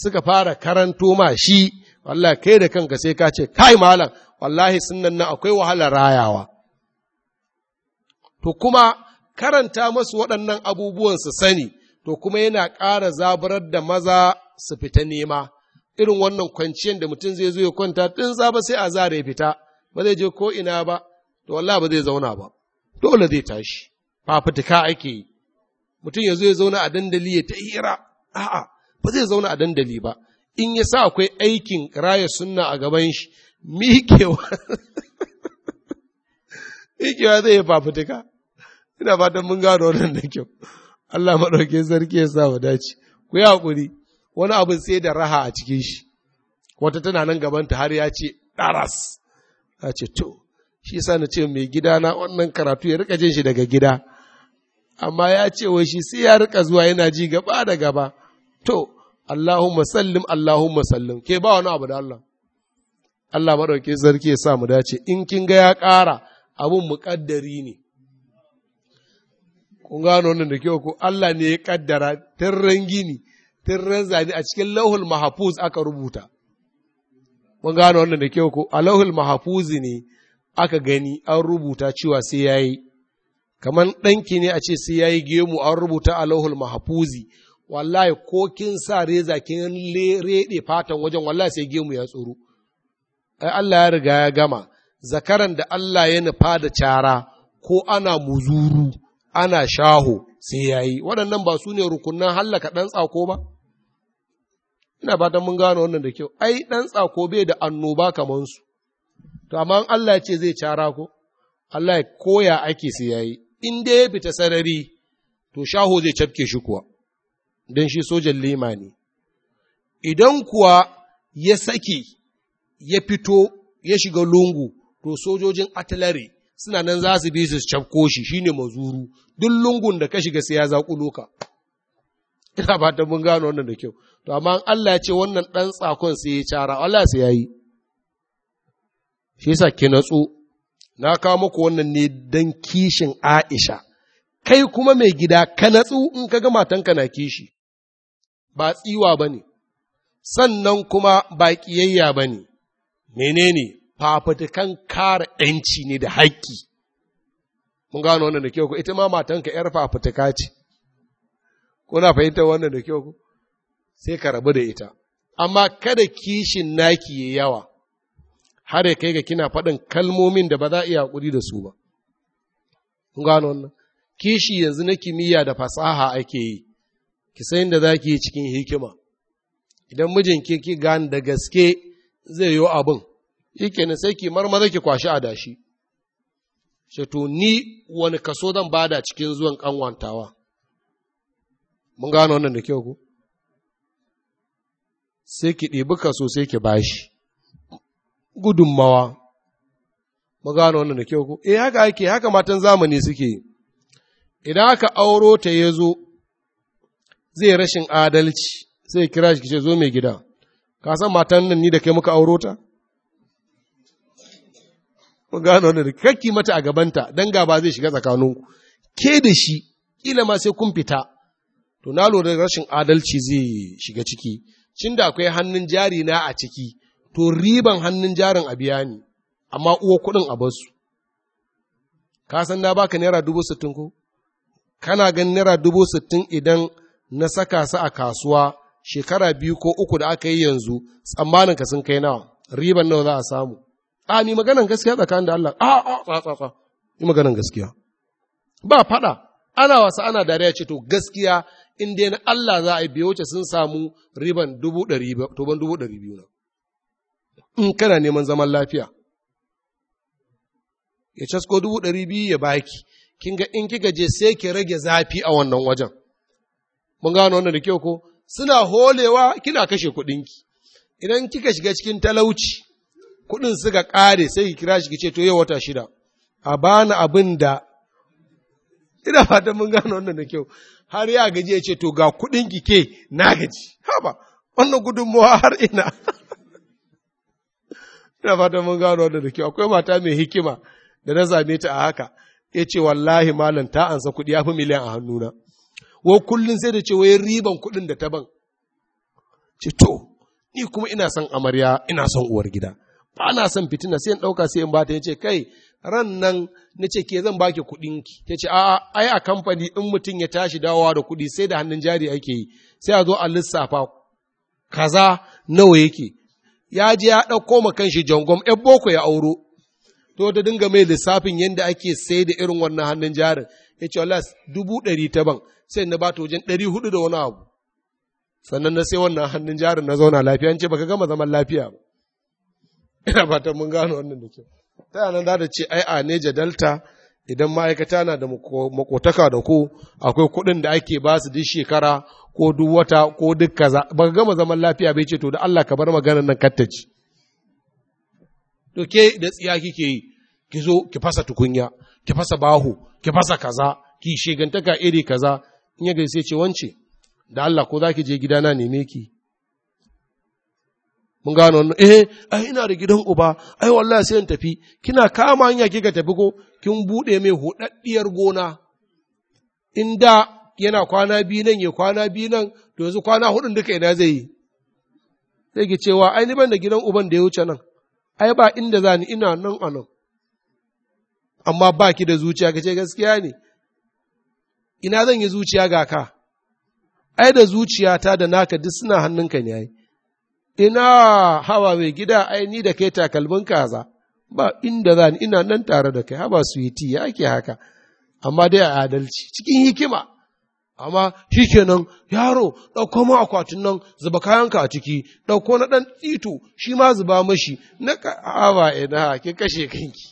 S1: suka fara karanto ma shi wallahi kai da kanka sai ka ce kai malam wallahi sunnan nan akwai wahalar rayawa to kuma karanta masu waɗannan abubuwan su sani to kuma yana ƙara zaburar da maza su fita nema irin wannan kwanciyar da mutum zai zo ya kwanta ɗin zaba sai a zare fita ba zai je ko ina ba to wallahi ba zai zauna ba dole zai tashi fafutuka ake yi mutum ya zo ya zauna a dandali ya ta hira a'a ba zai zauna a dandali ba in ya sa akwai aikin raya sunna a gaban shi miƙewa <laughs> miƙewa zai yi fafutuka ina fatan mun gano wannan da kyau Allah maɗauke sarki ya sa mu dace ku yi haƙuri wani abin sai da raha a cikin shi wata tana nan gabanta har ya ce ɗaras ya ce to shi sa na ce mai gida na wannan karatu ya rika jin shi daga gida amma ya ce wai shi sai ya rika zuwa yana ji gaba da gaba to Allahumma sallim Allahumma sallim ke ba wani abu da Allah Allah maɗauke sarki ya sa mu dace in kin ga ya ƙara abun muƙaddari ne kun gano wannan da kyau ko Allah ne ya kaddara tirren gini tirren zane a cikin lauhul mahafuz aka rubuta kun gano wannan da kyau ko a lauhul mahafuzi ne aka gani an rubuta cewa sai yayi kamar ɗanki ne a ce sai yayi gemu an rubuta a lauhul mahafuzi wallahi ko kin sa reza kin reɗe fatan wajen wallahi sai gemu ya tsoro ai Allah ya riga ya gama zakaran da Allah ya nufa da cara ko ana muzuru ana shaho sai ya yi waɗannan ba su ne rukunan hallaka ɗan tsako ba ina fatan mun gano wannan da kyau ai ɗan tsako bai da annoba kamar su to amma Allah ya ce zai cara ko Allah ya koya ake sai ya yi in dai ya fita sarari to shaho zai cafke shi kuwa don shi sojan lima ne idan kuwa ya saki ya fito ya shiga lungu to sojojin atalare, suna nan za su bi su cafko shi shi ne mazuru duk lungun da ka shiga sai ya zaƙulo ka ina fatan mun gano wannan da kyau to amma Allah ya ce wannan dan tsakon sai ya cara Allah sai yayi shi yasa ki natsu na kawo muku wannan ne dan kishin Aisha kai kuma mai gida ka natsu in ka ga matanka na kishi ba tsiwa bane sannan kuma ba kiyayya bane menene fafutukan kare ‘yanci ne da haƙƙi. Mun gano wannan da kyau ku, ita ma matanka ‘yar fafutuka ce, kuna fahimtar wannan da kyau ku, sai ka rabu da ita. Amma kada kishin naki ya yawa, har ya kai ga kina faɗin kalmomin da ba za a iya haƙuri da su ba. Mun gano wannan, kishi yanzu na kimiyya da fasaha ake yi, ki san da za ki yi cikin hikima. Idan mijinki ki gani da gaske zai yi abin, yake kenan sai ki marmaza ki kwashi adashi ce to ni wani kaso zan bada cikin zuwan kanwantawa mun gano wannan da kyau ku sai ki ɗibi kaso sai ki bashi gudunmawa mun gano wannan da kyau ku eh haka ake haka matan zamani suke idan aka auro ta ya zo zai rashin adalci sai kira shi ki ce zo mai gida ka san matan nan ni da kai muka auro ta ku gano da rikakki mata a gabanta dan gaba zai shiga tsakaninku ke da shi kila ma sai kun fita to na lura rashin adalci zai shiga ciki cin da akwai hannun jari na a ciki to riban hannun jarin a biya ni amma uwa kuɗin a basu ka san na baka naira dubu sittin ko kana ganin naira dubu sittin idan na saka su a kasuwa shekara biyu ko uku da aka yi yanzu tsammanin ka sun kai nawa riban nawa za a samu a mi maganan gaskiya tsakanin da Allah a a tsa tsa yi maganan gaskiya ba fada ana wasa ana dariya ce to gaskiya inda dai Allah za a yi biyo ce sun samu riban dubu ɗari toban dubu ɗari biyu na in kana neman zaman lafiya ya casko dubu ɗari biyu ya baki kin ga in kika je sai ki rage zafi a wannan wajen mun gano wannan da kyau ko suna holewa kina kashe kuɗinki idan kika shiga cikin talauci kuɗin suka ƙare sai ki kira shi ki ce to yau wata shida a bani abin da ina fatan mun gano wannan da kyau har ya gaji ya ce to ga kuɗin ki ke na gaji haba wannan gudunmawa har ina <laughs> ina fatan mun gano wannan da kyau akwai mata mai hikima da na zame ta a haka ya ce wallahi malam ta ansa kuɗi ya fi miliyan a hannuna wa kullum sai da ce wai riban kuɗin da ta ban ce to ni kuma ina son amarya ina son uwar gida ba na son fitina sai in ɗauka sai in ba ta yace kai ran nan na ce ke zan baki kuɗin ki ta ce a'a ai a kamfani in mutum ya tashi dawowa da kuɗi sai da hannun jari ake yi sai a zo a lissafa kaza nawa yake ya je ya ɗauko ma kanshi jangom ɗan boko ya auro to ta dinga mai lissafin yadda ake sai da irin wannan hannun jarin ya ce wallahi dubu ɗari ta ban sai na bato wajen ɗari hudu da wani abu sannan na sai wannan hannun jarin na zauna lafiya an ce baka gama zaman lafiya ba ina fatan mun gano wannan da kyau ta nan za da ce ai a neja delta idan ma'aikata na da makotaka da ku akwai kuɗin da ake ba su duk shekara ko duk wata ko duk kaza ba gama zaman lafiya bai ce to da Allah ka bar maganar nan kattaci to ke da tsiya kike yi ki zo ki fasa tukunya ki fasa bahu ki fasa kaza ki shegantaka iri kaza in ya gaise ce wance da Allah ko zaki je gidana neme ki mun gano wannan eh ai ina da gidan uba ai wallahi sai in tafi kina kama hanya kika tafi ko kin bude mai hudaddiyar gona in da yana kwana biyu nan ya kwana biyu nan to yanzu kwana hudun duka ina zai yi sai ki cewa ai ni ban da gidan uban da ya wuce nan ai ba inda za ni ina nan a nan amma ba ki da zuciya ka ce gaskiya ne ina zan yi zuciya ga ka ai da zuciyata da naka duk suna hannunka ne ai ina hawa mai gida aini da kai takalmin kaza ba inda za ni ina nan tare da kai haba su yi ya ake haka amma dai a adalci cikin hikima amma shi kenan yaro ɗauko mu akwatin nan zuba kayanka a ciki ɗauko na ɗan tsito shi ma zuba mashi na hawa ina ki kashe kanki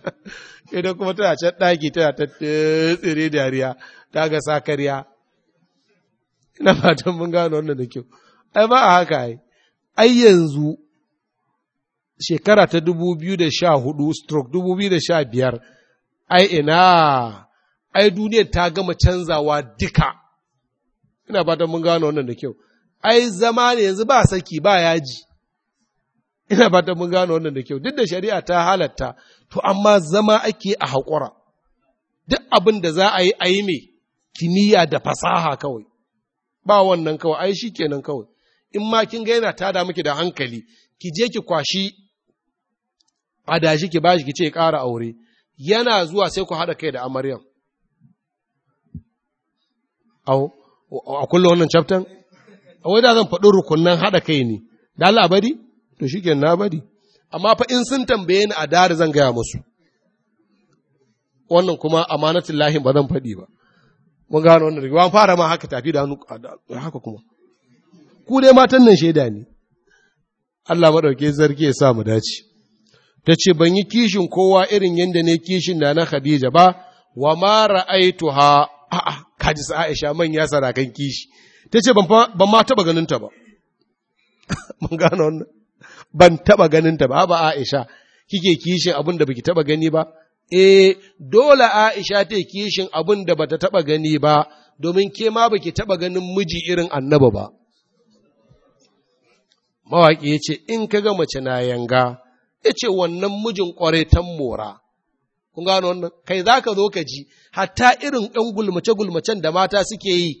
S1: <laughs> idan kuma tana can ɗaki tana ta tsire dariya ta ga sakariya ina fatan mun gano wannan da kyau ai ba a haka ai ai yanzu shekara ta 2014 stroke 2015 ai ina ai duniyar ta gama canzawa duka ina fatan mun gano wannan da kyau ai zama ne yanzu ba saki ba yaji ina fatan mun gano wannan da kyau duk da shari'a ta halatta to amma zama ake a haƙura duk abin da za a yi a yi mai kiniya da fasaha kawai ba wannan kawai ai shi kenan kawai in ma kin ga yana tada miki da hankali ki je ki kwashi adashi ki bashi ki ce ƙara aure yana zuwa sai ku haɗa kai da amaryan au a kulle wannan chapter a wai da zan faɗi rukunnan haɗa kai ne da Allah bari to shike na bari amma fa in sun tambaye ni a dare zan gaya musu wannan kuma amanatin lahin ba zan faɗi ba mun gano wannan rigewa fara ma haka tafi da hannu haka kuma ku dai matan nan shaida ne Allah maɗauke zargi ya sa mu dace ta ce ban yi kishin kowa irin yadda ne kishin da na Khadija ba wa ma ha? a'a kaji sa Aisha manya sarakan kishi ta ce ban ma taɓa ganinta ba <laughs> mun gano wannan ban taɓa ganinta ba ba Aisha kike kishin abin da baki taɓa gani ba eh dole Aisha ta kishin abin da bata taɓa gani ba domin ke ma baki taɓa ganin miji irin annaba ba mawaƙi ya ce in ka ga mace na yanga ya ce wannan mijin ƙwarai tan mora kun gano wannan kai za ka zo ka ji hatta irin ɗan gulmace gulmacen da mata suke yi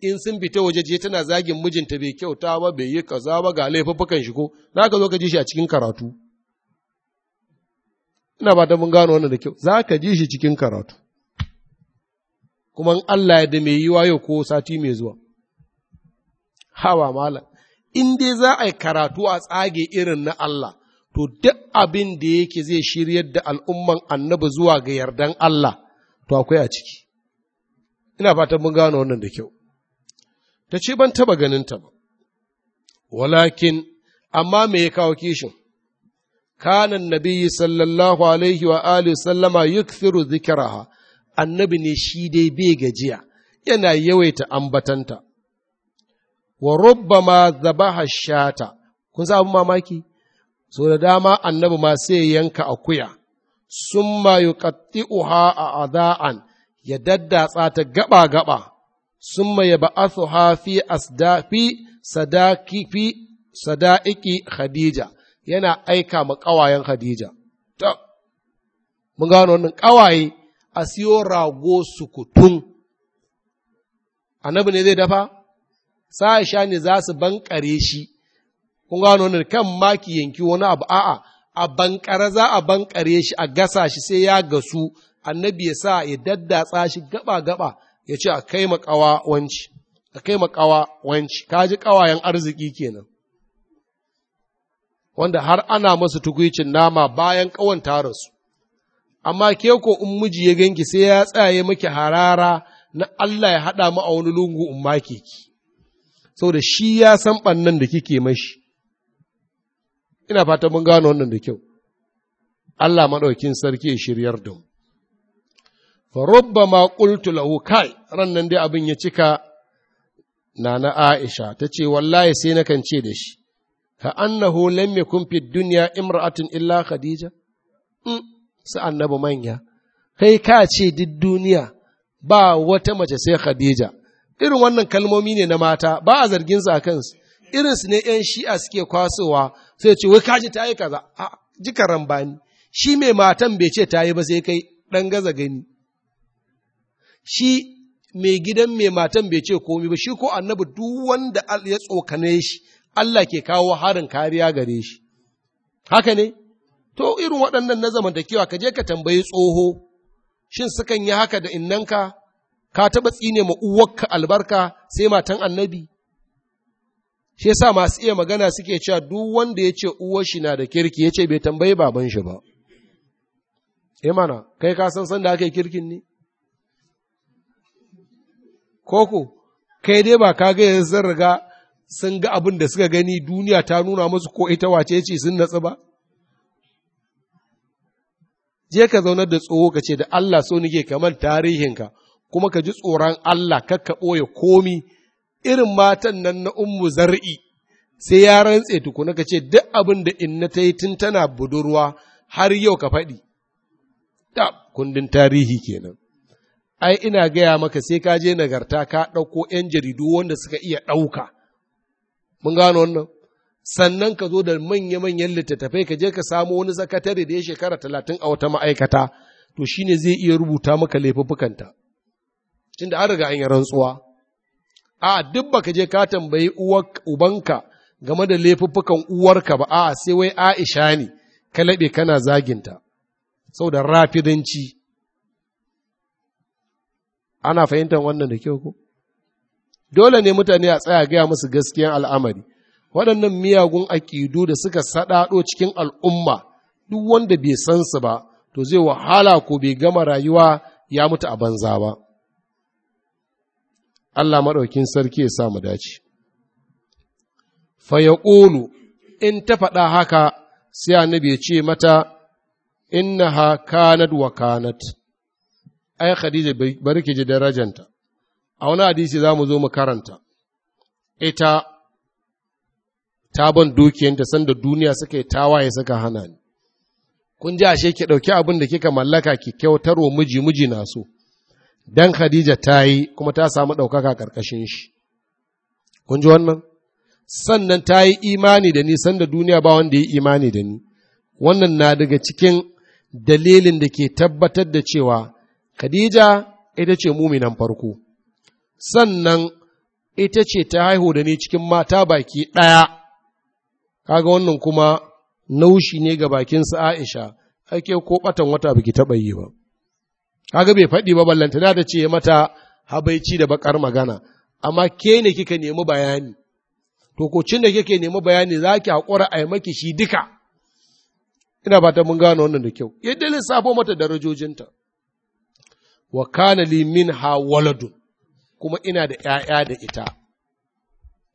S1: in sun fita waje je tana zagin mijinta bai kyauta ba bai yi kaza ba ga laifuffukan shi ko za ka zo ka ji shi a cikin karatu ina ba ta mun gano wannan da kyau za ka ji shi cikin karatu kuma Allah ya da mai yiwa yau ko sati mai zuwa hawa malam in dai za a yi karatu a tsage irin na Allah, to duk abin da yake zai shiryar da al'umman annabi zuwa ga yardan Allah, to akwai a ciki. Ina fatan mun gano wannan da kyau. Ta ce ban taba ganinta ba, walakin, amma me ya kawo kishin? Kanan nabiyyi sallallahu alaihi wa alihi sallama zikiraha, annabi ne shi dai bai gajiya, yana yawaita ambatanta. wa ma zabaha shata kun sa abin mamaki so da dama annabi ma sai yanka akuya summa yuqatti'uha a ya daddatsa ta gaba gaba summa ha fi asdafi sadaki fi sadaiki khadija yana aika ma kawayen khadija ta mun gano wannan kawaye a siyo rago sukutun annabi ne zai dafa sa sha ne za su bankare shi kun gano kan maki yanki wani abu a'a a bankara za a bankare shi a gasa shi sai ya gasu annabi ya sa ya daddatsa shi gaba gaba ya ce a kai makawa wanci a kai makawa wanci kaji kawayen arziki kenan wanda har ana masa tukwicin nama bayan ƙawanta rasu amma ke ko in miji ya ganki sai ya tsaye maki harara na Allah ya haɗa mu a wani lungu in make ki saboda shi ya san ɓannan da kike mashi. Ina fata mun gano wannan da kyau. Allah maɗaukin sarki shiryar da mu. Farubba ma ƙultu lahu kai, ran nan dai abin ya cika na na Aisha, ta ce wallahi sai na kan ce da shi, ka annahu lam yakun fi duniya imra'atin illa Khadija? Mm, su annabi manya, kai ka ce duk duniya ba wata mace sai Khadija, irin wannan kalmomi ne na mata ba a zargin su a kansu irin su ne yan shi'a suke kwasowa sai ce wai kaji ta yi kaza a jika rambani shi mai matan bai ce ta yi ba sai kai dan gaza gani shi mai gidan mai matan bai ce komi ba shi ko annabi duk wanda ya tsokane shi Allah ke kawo harin kariya gare shi haka ne to irin waɗannan na zamantakewa ka je ka tambayi tsoho shin sukan yi haka da innanka ka taɓa tsine ma uwarka albarka sai matan annabi shi yasa masu iya magana suke cewa duk wanda ya ce uwar shi na da kirki ya ce bai tambayi baban shi ba e mana kai ka san san da aka kirkin ne koko kai dai ba ka ga yanzu riga sun ga abin da suka gani duniya ta nuna musu ko ita wace ce sun natsu ba je ka zaunar da tsoho ka ce da Allah so nige kamar tarihinka kuma ka ji tsoron Allah kakka ɓoye komi irin matan nan na ummu zar'i sai ya rantse tukuna ka ce duk abin da inna ta yi tun tana budurwa har yau ka faɗi. Ta kundin tarihi kenan. Ai ina gaya maka sai ka je nagarta ka ɗauko ‘yan jaridu wanda suka iya ɗauka. Mun gano wannan? Sannan ka zo da manya-manyan littattafai ka je ka samo wani sakatare da ya shekara talatin a wata ma'aikata, to shine zai iya rubuta maka laifuffukanta. tunda an riga an yi rantsuwa a duk baka je ka tambayi ubanka game da laifuffukan uwarka ba a sai wai Aisha ne ka laɓe kana zaginta saboda rafidanci ana fahimtar wannan da kyau ko dole ne mutane a tsaya gaya musu gaskiyan al'amari waɗannan miyagun aƙidu da suka saɗaɗo cikin al'umma duk wanda bai san su ba to zai wahala ko bai gama rayuwa ya mutu a banza ba Allah maɗaukin sarki ya sa mu dace Faya ya in ta faɗa haka sai annabi ce mata ha kanad wa kanat ai khadija bari ki ji darajanta a wani hadisi za mu zo mu karanta ita ta ban dukiyanta sanda duniya suka yi tawaye suka hana ni kun ji ashe ki ɗauki abin da kika mallaka ki kyautar wa miji miji na so dan Khadija ta yi kuma ta samu ɗaukaka ƙarƙashin shi. Kun ji wannan? Sannan ta yi imani da ni sanda duniya ba wanda ya yi imani da ni. Wannan na daga cikin dalilin da ke tabbatar da cewa Khadija ita ce muminan farko. Sannan ita ce ta haihu da ni cikin mata baki ɗaya. Kaga wannan kuma naushi ne ga bakinsa Aisha, ake ko ɓatan wata biki taɓa yi ba. kaga bai faɗi ba ballantana da ce mata habaici da bakar magana amma ke ne kika nemi bayani to ko cin da kike nemi bayani za ki haƙura a maki shi duka ina ba ta mun gano wannan da kyau yadda lissafo mata darajojinta wa kana li minha waladun kuma ina da ‘ya'ya da ita,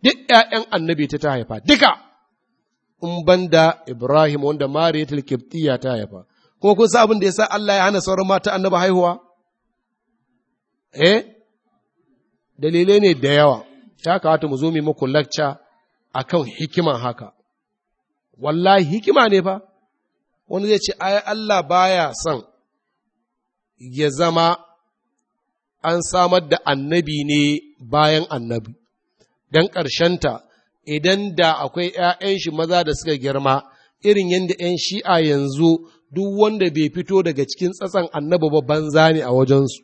S1: duk ‘ya'yan annabi ta ta haifa, duka, in banda Ibrahim wanda Mariyatul kibtiya ta haifa, Kuma kun sa abin da ya sa Allah ya hana sauran mata annaba haihuwa? Eh, dalilai ne da yawa, ta kawata mu zo mu muku lakca a kan hikiman haka. Wallahi hikima ne fa, wani zai ce, ai Allah baya son ya zama an samar da annabi ne bayan annabi, don ƙarshenta idan da akwai ‘ya'yan shi maza da suka girma, irin yadda ‘yan shi'a yanzu duk wanda bai fito daga cikin tsatsan annabi ba banza ne a wajensu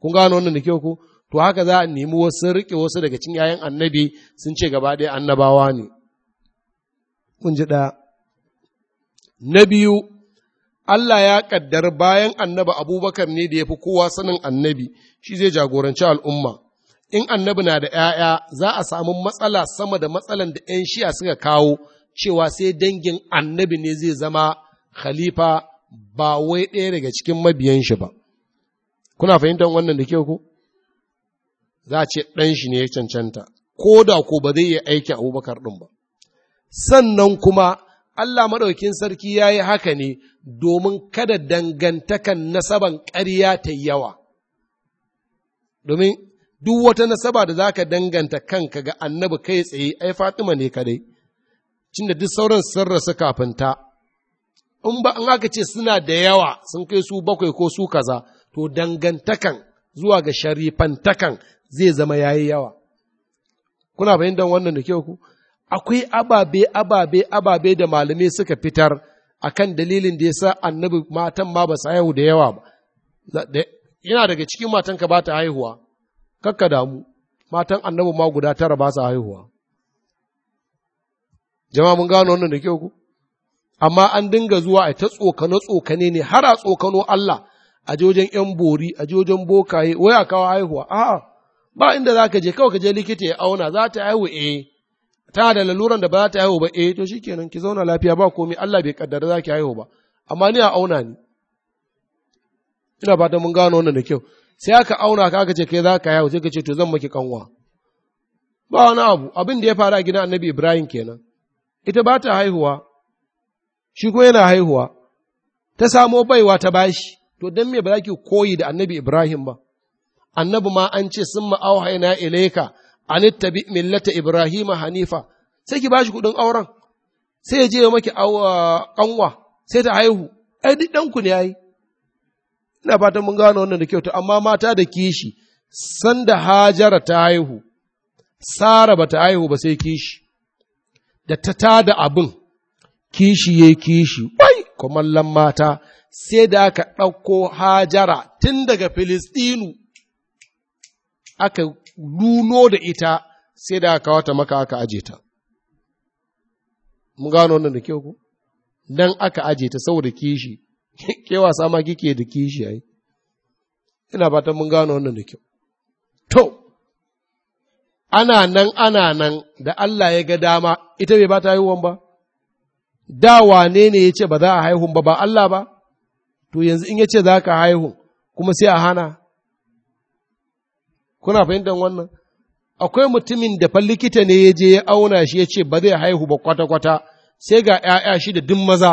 S1: kun gano wannan da kyau ko to haka za a nemi wasu riƙe wasu daga cikin yayan annabi sun ce gaba ɗaya annabawa ne kun ji ɗaya na biyu Allah ya ƙaddar bayan annabi abubakar ne da ya fi kowa sanin annabi shi zai jagoranci al'umma in annabi na da ‘ya'ya za a samu matsala sama da matsalan da ‘yan shiya suka kawo cewa sai dangin annabi ne zai zama khalifa ba wai ɗaya daga cikin mabiyan shi ba. Kuna fahimtar wannan da ke ku? Za a ce ɗan shi ne ya cancanta, ko da ko ba zai yi aiki abubakar ɗin ba. Sannan kuma Allah maɗaukin sarki ya yi haka ne domin kada dangantakan nasaban ƙarya ta yawa. Domin duk wata nasaba da za ka danganta kanka ga annabi kai tsaye, ai Fatima ne kadai, cinda duk sauran sarrasa rasu kafinta. in ba an aka ce suna da yawa sun kai su bakwai ko su kaza to dangantakan zuwa ga sharifantakan zai zama yayi yawa kuna fahimtar wannan da ke ku akwai ababe ababe ababe da malamai suka fitar akan dalilin da yasa annabi matan ma ba su haihu da yawa ba yana daga cikin matan ka ba ta haihuwa kakka damu matan annabi ma guda tara ba su haihuwa jama'a mun gano wannan da ke ku amma an dinga zuwa a ta tsokane tsokane ne har a tsokano Allah a jojen ‘yan bori, a jojen bokaye, waya kawo haihuwa, a'a, ba inda za ka je, kawai ka je likita ya auna, za ta haihu eh, ta da laluran da ba za ta haihu ba eh, to shikenan ki zauna lafiya ba komai, Allah bai kaddara za ki haihu ba, amma ni a auna ni. Ina fatan mun gano wannan da kyau, sai aka auna ka aka ce kai za ka haihu, sai ka ce to zan maki kanwa. Ba wani abu, abin da ya faru a gidan annabi Ibrahim kenan, ita ba ta haihuwa, shi ko yana haihuwa, ta samo baiwa ta bashi, to don me ba za ki koyi da annabi Ibrahim ba, annabi ma an ce sun ma'auhaina ilaika an tabi millata Ibrahim hanifa, sai ki bashi kuɗin auren, sai ya je maki kanwa uh, sai ta haihu, ai duk ɗanku ne yayi. Ina fatan mun gano wannan da kyau, amma mata da kishi, sanda Hajara ta haihu, Sara ba ta haihu ba sai kishi, da ta tada abin, kishi ye kishi wai kumallon mata sai da aka ɗauko hajara tun daga filistinu aka luno da ita sai da aka wata maka aka aje ta mun gano wannan da kyau ku dan aka aje ta saboda kishi <laughs> ke wasa ma kike da kishi ai ina fatan mun gano wannan da kyau to ana nan ana nan da Allah ya ga dama ita bai ba ta haihuwan ba da wane ne ya ce ba za a haihu ba ba Allah ba, to yanzu in ya ce za ka haihu kuma sai a hana. Kuna fahimtar wannan? Akwai mutumin da fa likita ne ya je ya auna shi ya ce ba zai haihu ba kwata-kwata sai ga ‘ya'ya shi da duk maza.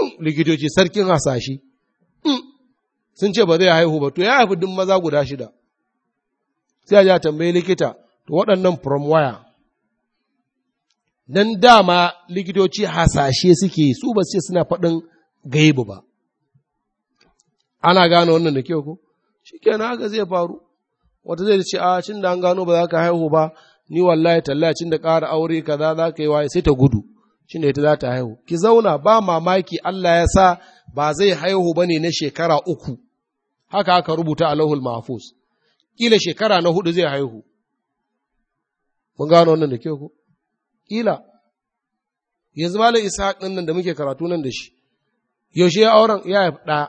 S1: Mm, likitoci sarkin hasashi mm, sun ce ba zai haihu ba, to ya haifi duk maza guda shida. Sai a ja tambayi likita, to waɗannan from wire. nan dama likitoci hasashe suke su ba ce suna faɗin gaibu ba ana gane wannan da kyau ko shi kenan haka zai faru wata zai ce a ah, cin da an gano ba za ka haihu ba ni wallahi talla cin da ƙara aure kaza za ka yi waye sai ta gudu cin da ita za ta haihu ki zauna ba mamaki Allah ya sa ba zai haihu ba ne na shekara uku haka aka rubuta a lahul mahfuz kila shekara na hudu zai haihu mun gano wannan da kyau ko ƙila, yanzu malam Isa ɗin nan da muke karatu nan da shi, yaushe ya auren ya haifi ɗa,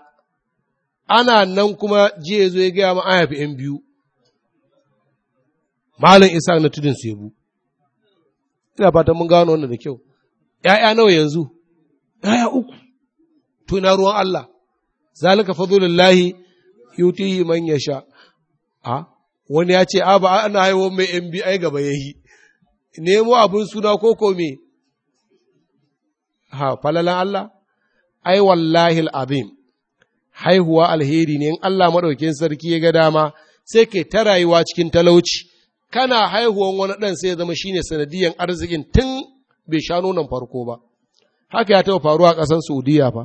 S1: ana nan kuma jiya zo ya gaya ma an haifi ‘yan biyu, malam Isa na tudun Sebu. Ina fatan mun gano wannan da kyau, ‘ya'ya nawa yanzu, ‘ya'ya uku, to ina ruwan Allah, zalika lahi, yutihi man yasha. A, wani ya ce, a ba ana haihuwar mai ‘yan biyu ai gaba ya yi. nemo abin suna ko ko me ha falalan Allah ai wallahi al'azim haihuwa alheri ne in Allah maɗaukin sarki ya ga dama sai kai ta rayuwa cikin talauci kana haihuwan wani ɗan sai ya zama shine sanadiyan arzikin tun bai sha nonon farko ba haka ya taɓa faruwa a ƙasar saudiya ba.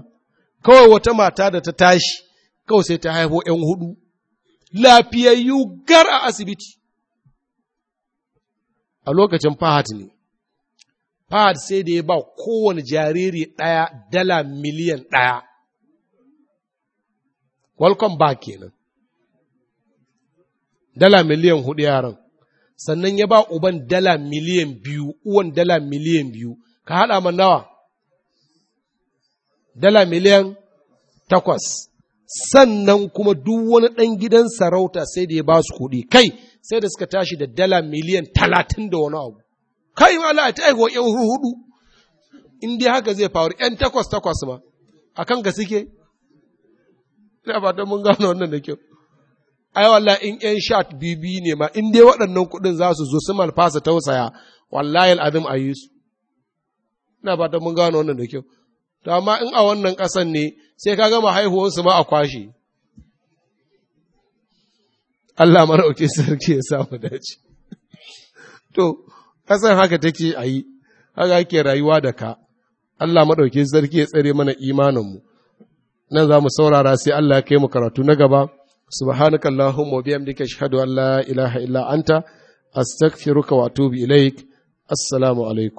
S1: kawai wata mata da ta tashi kawai sai ta haihu ‘yan hudu lafiyayyu gar a asibiti a lokacin fahad ne fahad sai da ya ba kowane jariri ɗaya dala miliyan ɗaya welcome back kenan dala miliyan hudu yaran sannan ya ba uban dala miliyan biyu uwan dala miliyan biyu ka haɗa man nawa dala miliyan takwas sannan kuma duk wani ɗan gidan sarauta sai da ya ba su kuɗi kai sai da suka tashi da dala miliyan talatin da wani abu kai ma Allah ta aiko yan hudu in dai haka zai faru yan takwas takwas ma kan ga suke ina fatan mun gano wannan da kyau ai wallahi in yan shat bibi ne ma in dai waɗannan kuɗin za su zo su malfasa tausaya wallahi al'azim a yi su ina fatan mun gano wannan da kyau to amma in a wannan ƙasan ne sai ka gama haihuwarsu ma a kwashe Allah marauke sarki ya samu dace. To, kasan haka take a yi, haka ake rayuwa da ka, Allah maɗauke sarki ya tsare mana imaninmu. Nan za mu saurara sai Allah ya kai mu karatu na gaba, subhanaka Allahumma wa bihamdika ashhadu an la ilaha illa anta astaghfiruka wa atubu ilaik. Assalamu alaikum.